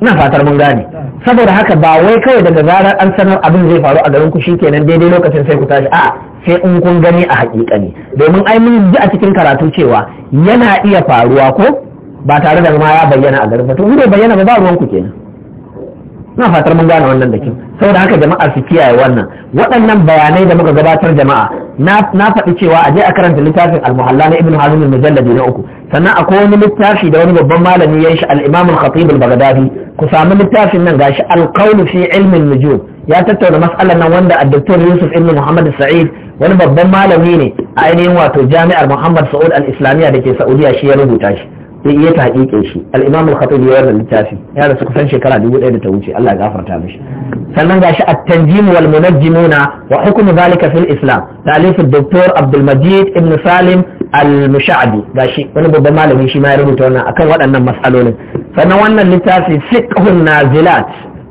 ina fatar mun gane saboda haka ba wai kawai daga zarar an sanar abin zai faru a garin ku kenan daidai lokacin sai ku tashi a sai in kun gani a hakika ne. domin ai mun ji a cikin karatu cewa yana iya faruwa ko ba tare da ma ya bayyana a garin ba to in bai bayyana ba ba ruwan ku kenan na fatar mun gane wannan da kyau saboda haka jama'a su kiyaye wannan waɗannan bayanai da muka gabatar jama'a na faɗi cewa a je a karanta littafin al-muhalla na ibnu hazm al-mujalladi na uku sannan akwai wani littafi da wani babban malami ya shi al-imam al-khatib al-baghdadi ku samu littafin nan gashi al-qawl fi ilm nujum ya tattauna mas'alar nan wanda ad-doktor Yusuf ibn Muhammad Sa'id wani babban malami ne a ainihin wato jami'ar Muhammad Saud al-Islamiyya da ke Saudiya shi ya rubuta shi ya ta taƙiƙe shi al-imam al-khatib ya wannan littafi ya rasu kusan shekara dubu ɗaya da ta wuce Allah ya gafarta mishi sannan gashi at-tanjim wal munajjimuna wa hukm zalika fil islam ta'lif ad-doktor Abdul Majid ibn Salim al-Musha'bi gashi wani babban malami shi ma ya rubuta wannan akan waɗannan mas'alolin sannan wannan littafi fiqhun nazilat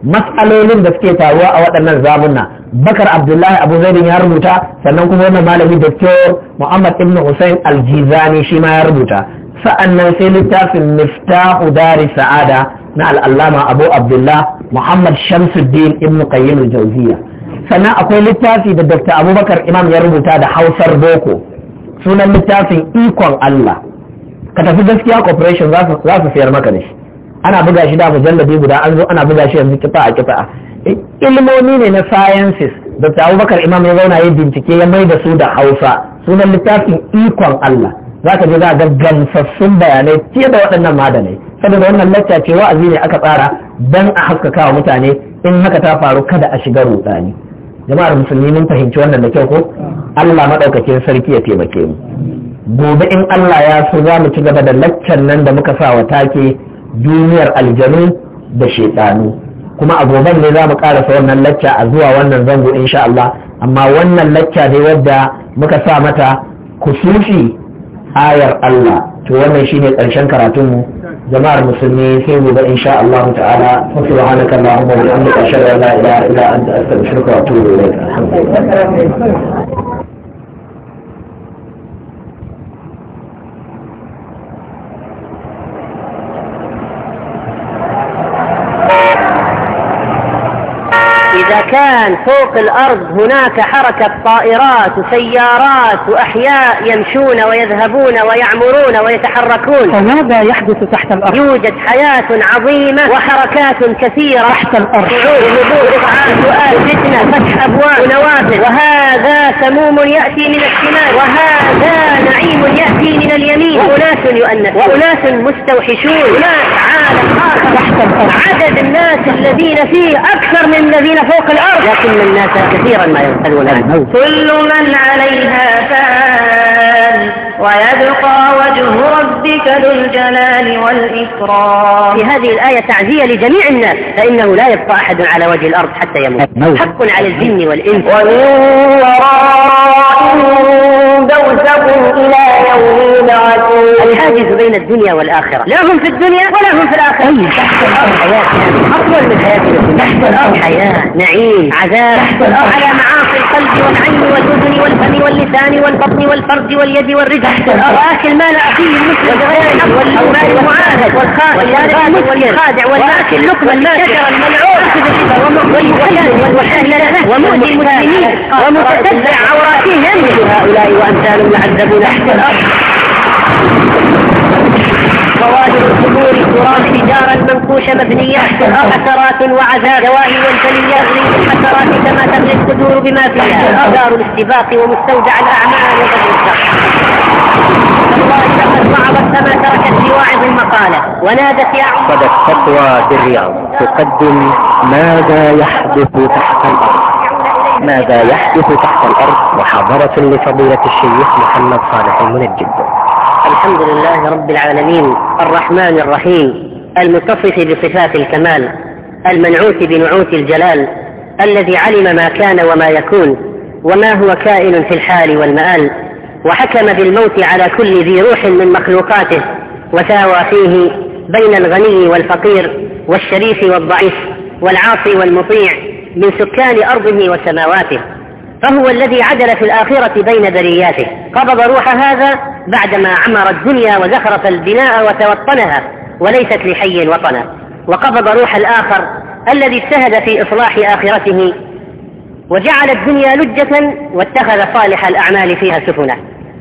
mas'alolin da suke faruwa a waɗannan zamunna bakar abdullahi abu zaidin ya rubuta sannan kuma wannan malami doktor muhammad ibn hussein al-jizani shi ma ya rubuta sa'annan sai littafin miftahu dari sa'ada na al'allama abu abdullah muhammad shamsuddin ibn qayyim jauziya sannan akwai littafi da dr abubakar imam ya rubuta da hausar boko sunan littafin ikon allah ka tafi gaskiya corporation za su sayar maka da shi ana buga shi da mujalladi guda an zo ana buga shi yanzu kifa a kifa eh, ilmomi ne na sciences dr abubakar imam ya zauna ya bincike ya mai da su da hausa sunan littafin ikon allah za ka je za ga gamsassun bayanai fiye da waɗannan madanai saboda wannan lacca ce wa'azi ne aka tsara don a haskaka wa mutane in haka ta faru kada a shiga rudani jama'ar musulmi mun fahimci wannan da kyau ko Allah madaukakin sarki ya taimake mu gobe in Allah ya so za mu ci gaba da laccan nan da muka sa wa take duniyar aljanu da shaytanu kuma a goben ne za mu karasa wannan lacca a zuwa wannan zango insha Allah amma wannan lacca dai wadda muka sa mata kusushi ayar Allah to wannan shine karshen karatun mu jama'ar musulmi sai mu ga insha Allah ta'ala wa subhanaka allahumma wa bihamdika ashhadu an la ilaha illa anta astaghfiruka wa atubu ilayk إذا كان فوق الأرض هناك حركة طائرات وسيارات وأحياء يمشون ويذهبون ويعمرون ويتحركون فماذا يحدث تحت الأرض؟ يوجد حياة عظيمة وحركات كثيرة تحت الأرض شعور هبوط إضعاف سؤال فتنة فتح أبواب ونوافذ وهذا سموم يأتي من الشمال وهذا نعيم يأتي من اليمين أناس يؤنسون وأناس مستوحشون أناس العالم يحسب عدد الناس الذين فيه أكثر من الذين فوق الأرض لكن الناس كثيرا ما يسألون عنه كل من عليها فان ويبقى وجه ربك ذو الجلال والإكرام في هذه الآية تعزية لجميع الناس فإنه لا يبقى أحد على وجه الأرض حتى يموت حق على الجن والإنس ومن ورائهم إلى يوم يبعثون الحاجز بين الدنيا والآخرة لا هم في الدنيا ولا هم في الآخرة أي تحت الأرض حياة أطول من حياتنا تحت الأرض حياة نعيم عذاب تحت الأرض على في القلب والعين والأذن والفم واللسان والبطن والفرج واليد والرجل وآكل مال أخيه المسلم بغير حق والأوبال المعاهد والخادع والخادع والماكل لقمة الشجر الملعون والمخلد والمحلل ومؤذي المسلمين ومتتبع عوراتهم هؤلاء وأمثالهم يعذبون أحسن الأرض فواجد الصدور التراب حجارا منقوش مبنيات حسرات وعذاب دواهي والبليات الحسرات كما تبني الصدور بما فيها دار الاستباق ومستودع الاعمال وبدء والله لقد كما تركت في المقاله ونادت يا عمر فتوى بالرياض تقدم ماذا يحدث تحت الارض ماذا يحدث تحت الأرض محاضرة لفضيلة الشيخ محمد صالح المنجد الحمد لله رب العالمين الرحمن الرحيم المتصف بصفات الكمال المنعوت بنعوت الجلال الذي علم ما كان وما يكون وما هو كائن في الحال والمآل وحكم بالموت على كل ذي روح من مخلوقاته وساوى فيه بين الغني والفقير والشريف والضعيف والعاصي والمطيع من سكان أرضه وسماواته فهو الذي عدل في الآخرة بين برياته قبض روح هذا بعدما عمر الدنيا وزخرف البناء وتوطنها وليست لحي وطنا وقبض روح الآخر الذي اجتهد في إصلاح آخرته وجعل الدنيا لجة واتخذ صالح الأعمال فيها سفنة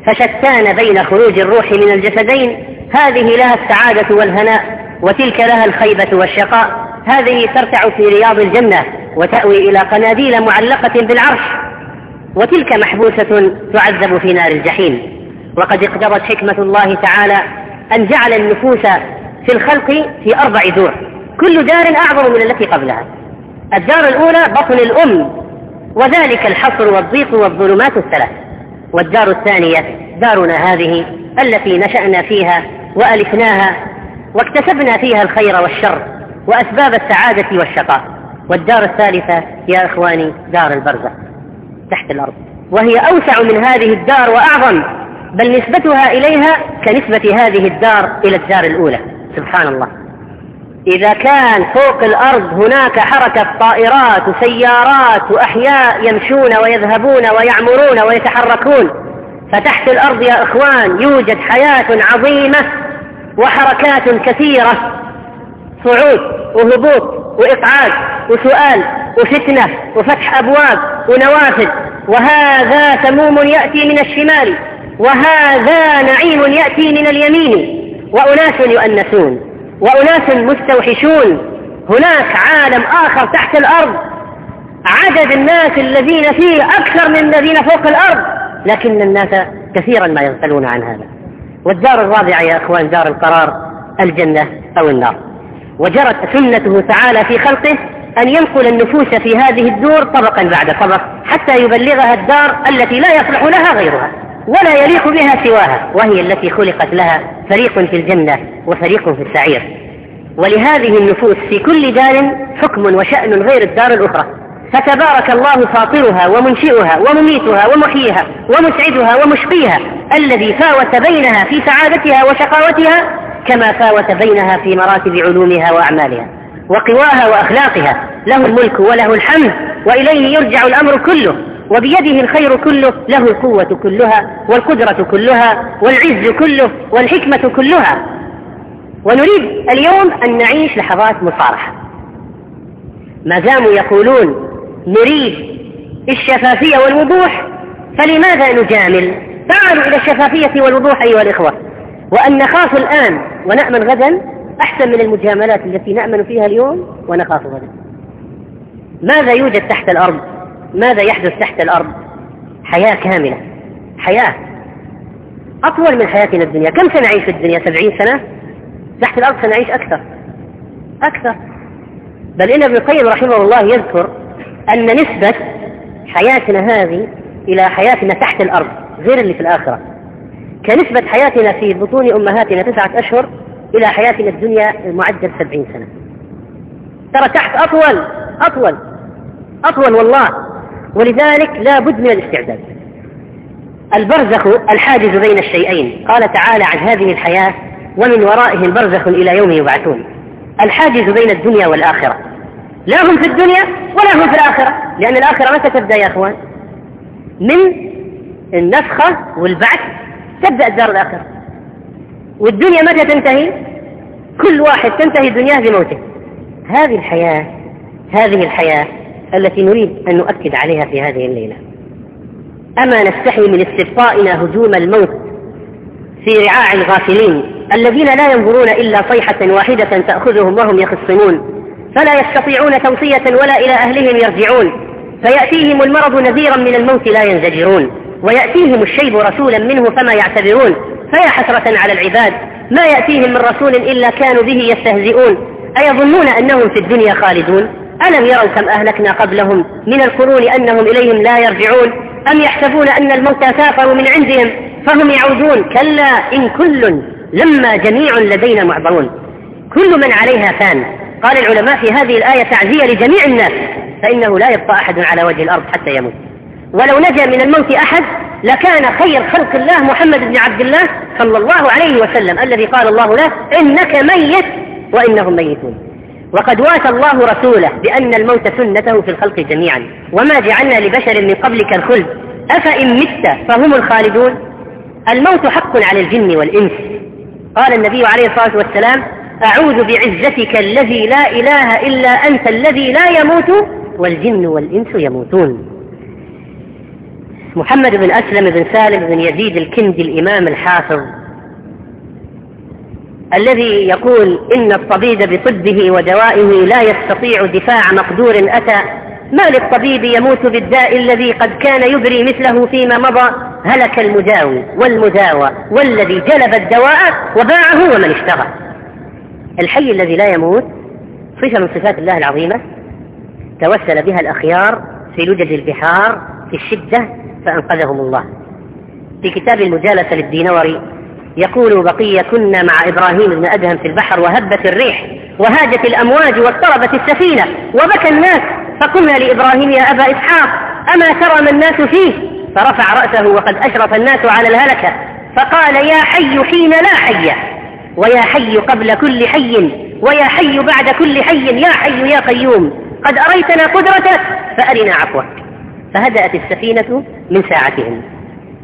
فشتان بين خروج الروح من الجسدين هذه لها السعادة والهناء وتلك لها الخيبة والشقاء هذه ترتع في رياض الجنة وتأوي إلى قناديل معلقة بالعرش وتلك محبوسة تعذب في نار الجحيم وقد اقتضت حكمة الله تعالى أن جعل النفوس في الخلق في أربع دور كل دار أعظم من التي قبلها الدار الأولى بطن الأم وذلك الحصر والضيق والظلمات الثلاث والدار الثانية دارنا هذه التي نشأنا فيها وألفناها واكتسبنا فيها الخير والشر وأسباب السعادة والشقاء والدار الثالثة يا إخواني دار البرزخ تحت الأرض وهي أوسع من هذه الدار وأعظم بل نسبتها إليها كنسبة هذه الدار إلى الدار الأولى سبحان الله إذا كان فوق الأرض هناك حركة طائرات وسيارات وأحياء يمشون ويذهبون ويعمرون ويتحركون فتحت الأرض يا إخوان يوجد حياة عظيمة وحركات كثيرة صعود وهبوط وإقعاد وسؤال وفتنة وفتح أبواب ونوافذ وهذا سموم يأتي من الشمال وهذا نعيم يأتي من اليمين وأناس يؤنسون وأناس مستوحشون هناك عالم آخر تحت الأرض عدد الناس الذين فيه أكثر من الذين فوق الأرض لكن الناس كثيرا ما يغفلون عن هذا والدار الرابعة يا أخوان دار القرار الجنة أو النار وجرت سنته تعالى في خلقه أن ينقل النفوس في هذه الدور طبقا بعد طبق حتى يبلغها الدار التي لا يصلح لها غيرها ولا يليق بها سواها وهي التي خلقت لها فريق في الجنة وفريق في السعير ولهذه النفوس في كل دار حكم وشأن غير الدار الأخرى فتبارك الله فاطرها ومنشئها ومميتها ومحييها ومسعدها ومشقيها الذي فاوت بينها في سعادتها وشقاوتها كما فاوت بينها في مراتب علومها وأعمالها وقواها وأخلاقها له الملك وله الحمد وإليه يرجع الأمر كله وبيده الخير كله له القوة كلها والقدرة كلها والعز كله والحكمة كلها ونريد اليوم أن نعيش لحظات مصارحة ما داموا يقولون نريد الشفافية والوضوح فلماذا نجامل؟ تعالوا إلى الشفافية والوضوح أيها الإخوة وأن نخاف الآن ونأمن غدا أحسن من المجاملات التي نأمن فيها اليوم ونخاف غدا ماذا يوجد تحت الأرض ماذا يحدث تحت الأرض حياة كاملة حياة أطول من حياتنا الدنيا كم سنعيش في الدنيا سبعين سنة تحت الأرض سنعيش أكثر أكثر بل إن ابن القيم رحمه الله يذكر أن نسبة حياتنا هذه إلى حياتنا تحت الأرض غير اللي في الآخرة كنسبة حياتنا في بطون أمهاتنا تسعة أشهر إلى حياتنا الدنيا معدل سبعين سنة ترى تحت أطول أطول أطول والله ولذلك لا بد من الاستعداد البرزخ الحاجز بين الشيئين قال تعالى عن هذه الحياة ومن ورائهم برزخ إلى يوم يبعثون الحاجز بين الدنيا والآخرة لا هم في الدنيا ولا هم في الآخرة لأن الآخرة متى تبدأ يا أخوان من النفخة والبعث تبدأ الدار الآخرة والدنيا متى تنتهي كل واحد تنتهي دنياه بموته هذه الحياة هذه الحياة التي نريد أن نؤكد عليها في هذه الليلة أما نستحي من استبطائنا هجوم الموت في رعاع الغافلين الذين لا ينظرون إلا صيحة واحدة تأخذهم وهم يخصمون فلا يستطيعون توصية ولا إلى أهلهم يرجعون فيأتيهم المرض نذيرا من الموت لا ينزجرون ويأتيهم الشيب رسولا منه فما يعتذرون فيا حسرة على العباد ما يأتيهم من رسول إلا كانوا به يستهزئون أيظنون أنهم في الدنيا خالدون ألم يروا كم أهلكنا قبلهم من القرون أنهم إليهم لا يرجعون أم يحسبون أن الموتى سافروا من عندهم فهم يعودون كلا إن كل لما جميع لدينا معبرون كل من عليها فان قال العلماء في هذه الآية تعزية لجميع الناس فإنه لا يبقى أحد على وجه الأرض حتى يموت ولو نجا من الموت أحد لكان خير خلق الله محمد بن عبد الله صلى الله عليه وسلم الذي قال الله له إنك ميت وإنهم ميتون وقد واتى الله رسوله بأن الموت سنته في الخلق جميعا وما جعلنا لبشر من قبلك الخلد أفإن مت فهم الخالدون الموت حق على الجن والإنس قال النبي عليه الصلاة والسلام أعوذ بعزتك الذي لا إله إلا أنت الذي لا يموت والجن والإنس يموتون محمد بن أسلم بن سالم بن يزيد الكندي الإمام الحافظ الذي يقول إن الطبيب بطبه ودوائه لا يستطيع دفاع مقدور أتى ما للطبيب يموت بالداء الذي قد كان يبري مثله فيما مضى هلك المداوي والمداوى والذي جلب الدواء وباعه ومن اشترى الحي الذي لا يموت صفة من صفات الله العظيمة توسل بها الأخيار في لجج البحار في الشدة فأنقذهم الله في كتاب المجالسة للدينوري يقول بقي كنا مع إبراهيم بن أدهم في البحر وهبت الريح وهاجت الأمواج واضطربت السفينة وبكى الناس فقلنا لإبراهيم يا أبا إسحاق أما ترى ما الناس فيه فرفع رأسه وقد أشرف الناس على الهلكة فقال يا حي حين لا حي ويا حي قبل كل حي ويا حي بعد كل حي يا حي يا قيوم قد أريتنا قدرتك فأرنا عفوك فهدأت السفينة من ساعتهم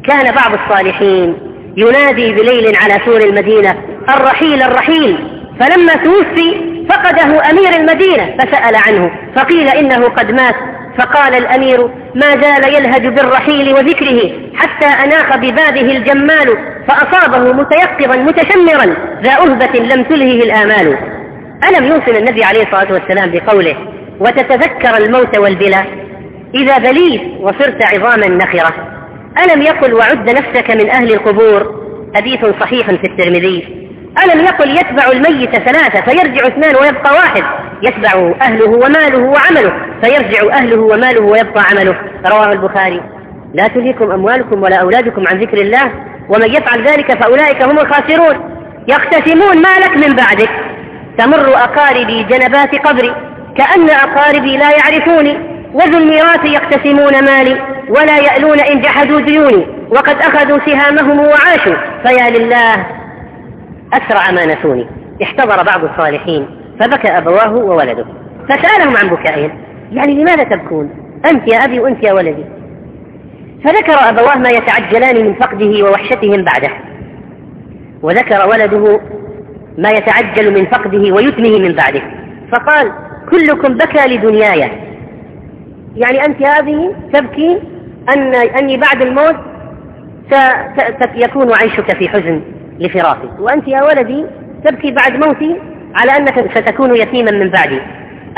كان بعض الصالحين ينادي بليل على سور المدينة الرحيل الرحيل فلما توفي فقده أمير المدينة فسأل عنه فقيل إنه قد مات فقال الأمير ما زال يلهج بالرحيل وذكره حتى أناخ ببابه الجمال فأصابه متيقظا متشمرا ذا أهبة لم تلهه الآمال ألم يوصل النبي عليه الصلاة والسلام بقوله وتتذكر الموت والبلا إذا بليت وصرت عظاما نخرة ألم يقل وعد نفسك من أهل القبور حديث صحيح في الترمذي ألم يقل يتبع الميت ثلاثة فيرجع اثنان ويبقى واحد يتبع أهله وماله وعمله فيرجع أهله وماله ويبقى عمله رواه البخاري لا تليكم أموالكم ولا أولادكم عن ذكر الله ومن يفعل ذلك فأولئك هم الخاسرون يقتسمون مالك من بعدك تمر أقاربي جنبات قبري كأن أقاربي لا يعرفوني وذو الميراث يقتسمون مالي ولا يألون إن جحدوا ديوني وقد أخذوا سهامهم وعاشوا فيا لله أسرع ما نسوني احتضر بعض الصالحين فبكى أبواه وولده فسألهم عن بكائهم يعني لماذا تبكون أنت يا أبي وأنت يا ولدي فذكر أبواه ما يتعجلان من فقده ووحشتهم بعده وذكر ولده ما يتعجل من فقده ويتمه من بعده فقال كلكم بكى لدنياي يعني أنت هذه تبكي أن أني بعد الموت سيكون عيشك في حزن لفراقي وأنت يا ولدي تبكي بعد موتي على أنك ستكون يتيما من بعدي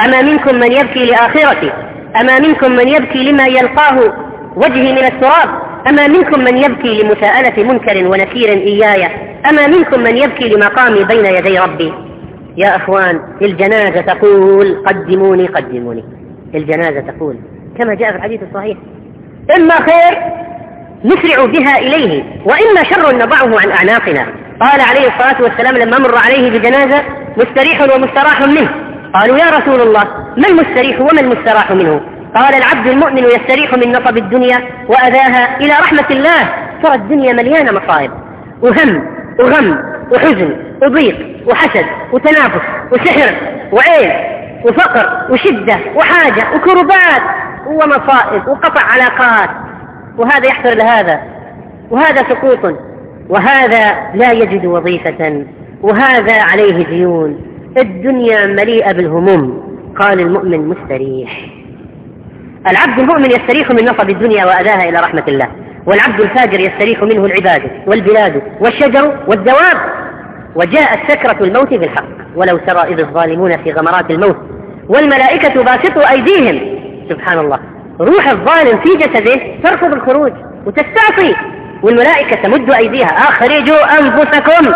أما منكم من يبكي لآخرتي أما منكم من يبكي لما يلقاه وجهي من التراب أما منكم من يبكي لمساءلة منكر ونكير إياي أما منكم من يبكي لمقامي بين يدي ربي يا أخوان الجنازة تقول قدموني قدموني الجنازة تقول كما جاء في الحديث الصحيح إما خير نسرع بها إليه وإما شر نضعه عن أعناقنا قال عليه الصلاة والسلام لما مر عليه بجنازة مستريح ومستراح منه قالوا يا رسول الله ما المستريح وما المستراح منه قال العبد المؤمن يستريح من نصب الدنيا وأذاها إلى رحمة الله ترى الدنيا مليانة مصائب وهم وغم وحزن وضيق وحسد وتنافس وسحر وعيب وفقر وشدة وحاجة وكربات ومصائب وقطع علاقات وهذا يحضر لهذا وهذا سقوط وهذا لا يجد وظيفة وهذا عليه ديون الدنيا مليئة بالهموم قال المؤمن مستريح العبد المؤمن يستريح من نصب الدنيا وأداها إلى رحمة الله والعبد الفاجر يستريح منه العباد والبلاد والشجر والدواب وجاءت سكرة الموت بالحق ولو ترى إذ الظالمون في غمرات الموت والملائكة باسطوا أيديهم سبحان الله روح الظالم في جسده ترفض الخروج وتستعصي والملائكة تمد أيديها أخرجوا أنفسكم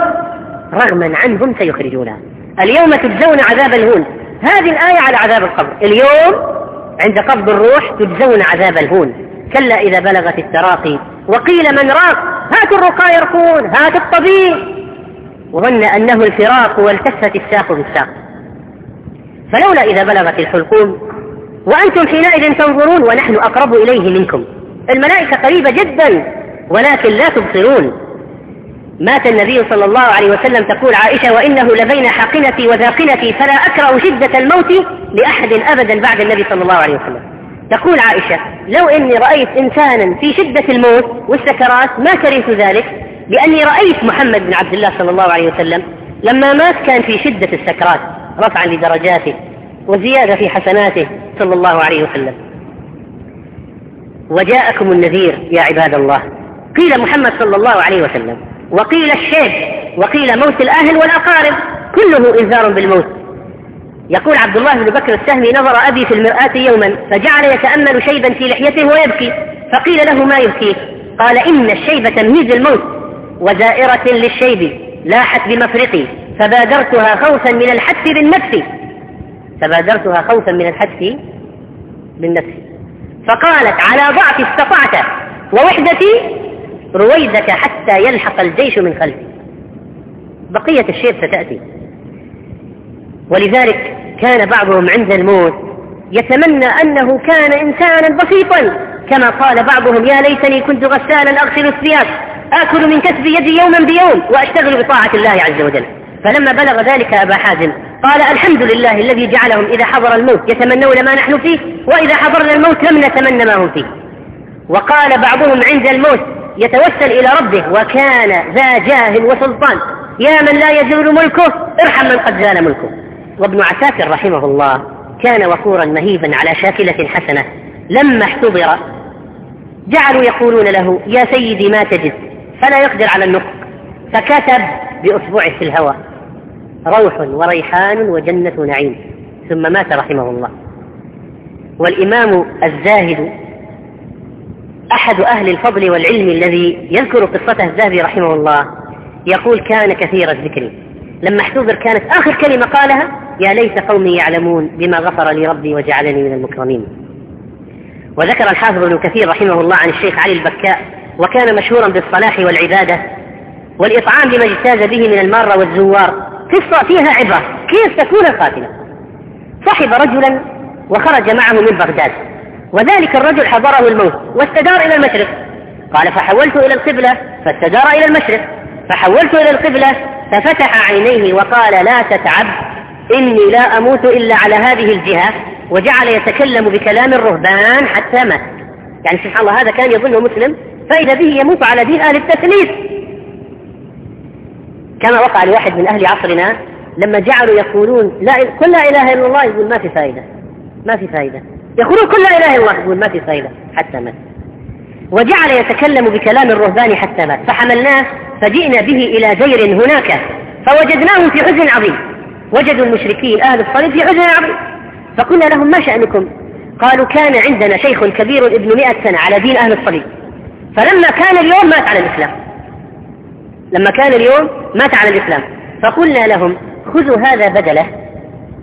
رغما عنهم سيخرجونها اليوم تجزون عذاب الهون هذه الآية على عذاب القبر اليوم عند قبض الروح تجزون عذاب الهون كلا إذا بلغت التراقي وقيل من راق هات الرقاة يرقون هات الطبيب ظن أنه الفراق والتفت الساق بالساق فلولا إذا بلغت الحلقوم وأنتم حينئذ تنظرون ونحن أقرب إليه منكم الملائكة قريبة جدا ولكن لا تبصرون مات النبي صلى الله عليه وسلم تقول عائشة وإنه لبين حقنتي وذاقنتي فلا أكره شدة الموت لأحد أبدا بعد النبي صلى الله عليه وسلم تقول عائشة لو إني رأيت إنسانا في شدة الموت والسكرات ما كرهت ذلك بأني رأيت محمد بن عبد الله صلى الله عليه وسلم لما مات كان في شدة السكرات رفعا لدرجاته وزيادة في حسناته صلى الله عليه وسلم وجاءكم النذير يا عباد الله قيل محمد صلى الله عليه وسلم وقيل الشيب وقيل موت الأهل والأقارب كله إنذار بالموت يقول عبد الله بن بكر السهمي نظر أبي في المرآة يوما فجعل يتأمل شيبا في لحيته ويبكي فقيل له ما يبكيك قال إن الشيب تمييز الموت وزائرة للشيب لاحت بمفرقي فبادرتها خوفا من الحتف بالنفس فبادرتها خوفا من الحتف بالنفس فقالت على ضعف استطعت ووحدتي رويدك حتى يلحق الجيش من خلفي بقية الشيب ستأتي ولذلك كان بعضهم عند الموت يتمنى أنه كان إنسانا بسيطا كما قال بعضهم يا ليتني كنت غسالا أغسل الثياب آكل من كسب يدي يوما بيوم وأشتغل بطاعة الله عز وجل فلما بلغ ذلك أبا حازم قال الحمد لله الذي جعلهم إذا حضر الموت يتمنون ما نحن فيه وإذا حضرنا الموت لم نتمنى ما هم فيه وقال بعضهم عند الموت يتوسل إلى ربه وكان ذا جاه وسلطان يا من لا يزول ملكه ارحم من قد زال ملكه وابن عساكر رحمه الله كان وقورا مهيبا على شاكلة حسنة لما احتضر جعلوا يقولون له يا سيدي ما تجد فلا يقدر على النطق فكتب بأصبعه في الهوى روح وريحان وجنة نعيم ثم مات رحمه الله والإمام الزاهد أحد أهل الفضل والعلم الذي يذكر قصته الذهبي رحمه الله يقول كان كثير الذكر لما احتضر كانت آخر كلمة قالها يا ليت قومي يعلمون بما غفر لي ربي وجعلني من المكرمين وذكر الحافظ ابن كثير رحمه الله عن الشيخ علي البكاء وكان مشهورا بالصلاح والعبادة والإطعام بما اجتاز به من المارة والزوار قصة فيها عبرة كيف تكون القاتلة صحب رجلا وخرج معه من بغداد وذلك الرجل حضره الموت واستدار إلى المشرق قال فحولت إلى القبلة فاستدار إلى المشرق فحولت إلى القبلة ففتح عينيه وقال لا تتعب إني لا أموت إلا على هذه الجهة وجعل يتكلم بكلام الرهبان حتى مات يعني سبحان الله هذا كان يظنه مسلم فإذا به يموت على دين أهل التثليث كما وقع لواحد من أهل عصرنا لما جعلوا يقولون لا كل لا إله إلا الله يقول ما في فائدة ما في فائدة يقولون كل لا إله إلا الله يقول ما في فائدة حتى مات وجعل يتكلم بكلام الرهبان حتى مات فحملناه فجئنا به إلى جير هناك فوجدناهم في حزن عظيم وجدوا المشركين أهل الصليب في حزن عظيم فقلنا لهم ما شأنكم قالوا كان عندنا شيخ كبير ابن مئة سنة على دين أهل الصليب فلما كان اليوم مات على الإسلام لما كان اليوم مات على الإسلام فقلنا لهم خذوا هذا بدله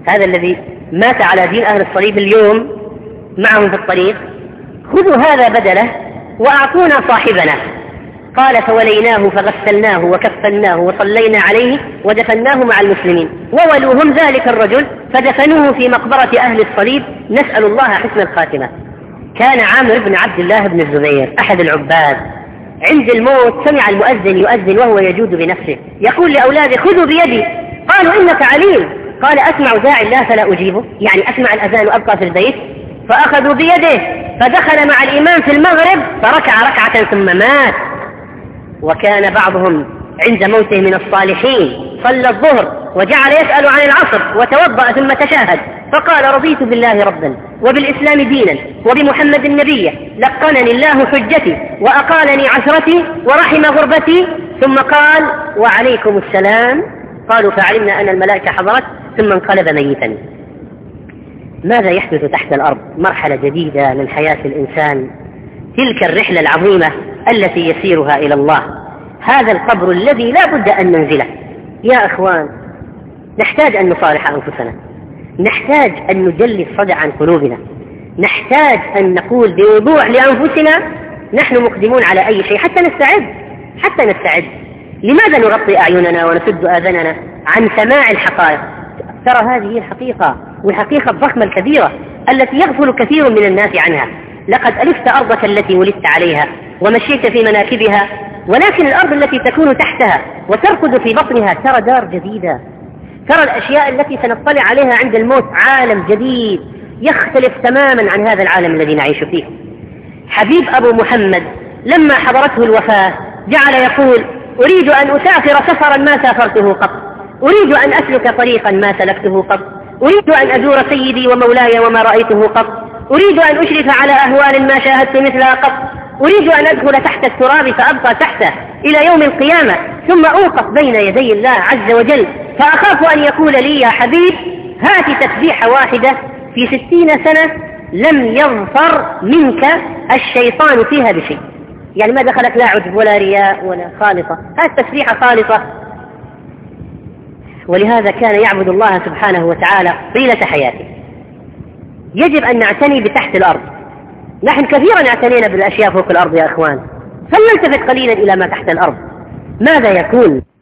هذا الذي مات على دين أهل الصليب اليوم معهم في الطريق خذوا هذا بدله وأعطونا صاحبنا قال فوليناه فغسلناه وكفناه وصلينا عليه ودفناه مع المسلمين وولوهم ذلك الرجل فدفنوه في مقبرة أهل الصليب نسأل الله حسن الخاتمة كان عامر بن عبد الله بن الزبير أحد العباد عند الموت سمع المؤذن يؤذن وهو يجود بنفسه يقول لأولاده خذوا بيدي قالوا إنك عليم قال أسمع داعي الله فلا أجيبه يعني أسمع الأذان وأبقى في البيت فأخذوا بيده فدخل مع الإمام في المغرب فركع ركعة ثم مات وكان بعضهم عند موته من الصالحين صلى الظهر وجعل يسأل عن العصر وتوضأ ثم تشاهد فقال رضيت بالله ربا وبالإسلام دينا وبمحمد نبيا لقنني الله حجتي وأقالني عشرتي ورحم غربتي ثم قال وعليكم السلام قالوا فعلمنا أن الملائكة حضرت ثم انقلب ميتا ماذا يحدث تحت الأرض مرحلة جديدة من حياة الإنسان تلك الرحلة العظيمة التي يسيرها إلى الله هذا القبر الذي لا بد أن ننزله يا أخوان نحتاج أن نصالح أنفسنا نحتاج أن نجلي الصدع عن قلوبنا نحتاج أن نقول بوضوح لأنفسنا نحن مقدمون على أي شيء حتى نستعد حتى نستعد لماذا نغطي أعيننا ونسد آذاننا عن سماع الحقائق ترى هذه الحقيقة والحقيقة الضخمة الكبيرة التي يغفل كثير من الناس عنها لقد ألفت أرضك التي ولدت عليها ومشيت في مناكبها ولكن الأرض التي تكون تحتها وتركض في بطنها ترى دار جديدة ترى الأشياء التي سنطلع عليها عند الموت عالم جديد يختلف تماما عن هذا العالم الذي نعيش فيه حبيب أبو محمد لما حضرته الوفاة جعل يقول أريد أن أسافر سفرا ما سافرته قط أريد أن أسلك طريقا ما سلكته قط أريد أن أزور سيدي ومولاي وما رأيته قط أريد أن أشرف على أهوال ما شاهدت مثلها قط أريد أن أدخل تحت التراب فأبقى تحته إلى يوم القيامة ثم أوقف بين يدي الله عز وجل فأخاف أن يقول لي يا حبيب هات تسبيحة واحدة في ستين سنة لم يظفر منك الشيطان فيها بشيء يعني ما دخلت لا عجب ولا رياء ولا خالصة هات تسبيحة خالصة ولهذا كان يعبد الله سبحانه وتعالى طيلة حياته يجب أن نعتني بتحت الأرض نحن كثيرا اعتنينا بالأشياء فوق الأرض يا أخوان فلنلتفت قليلا إلى ما تحت الأرض ماذا يكون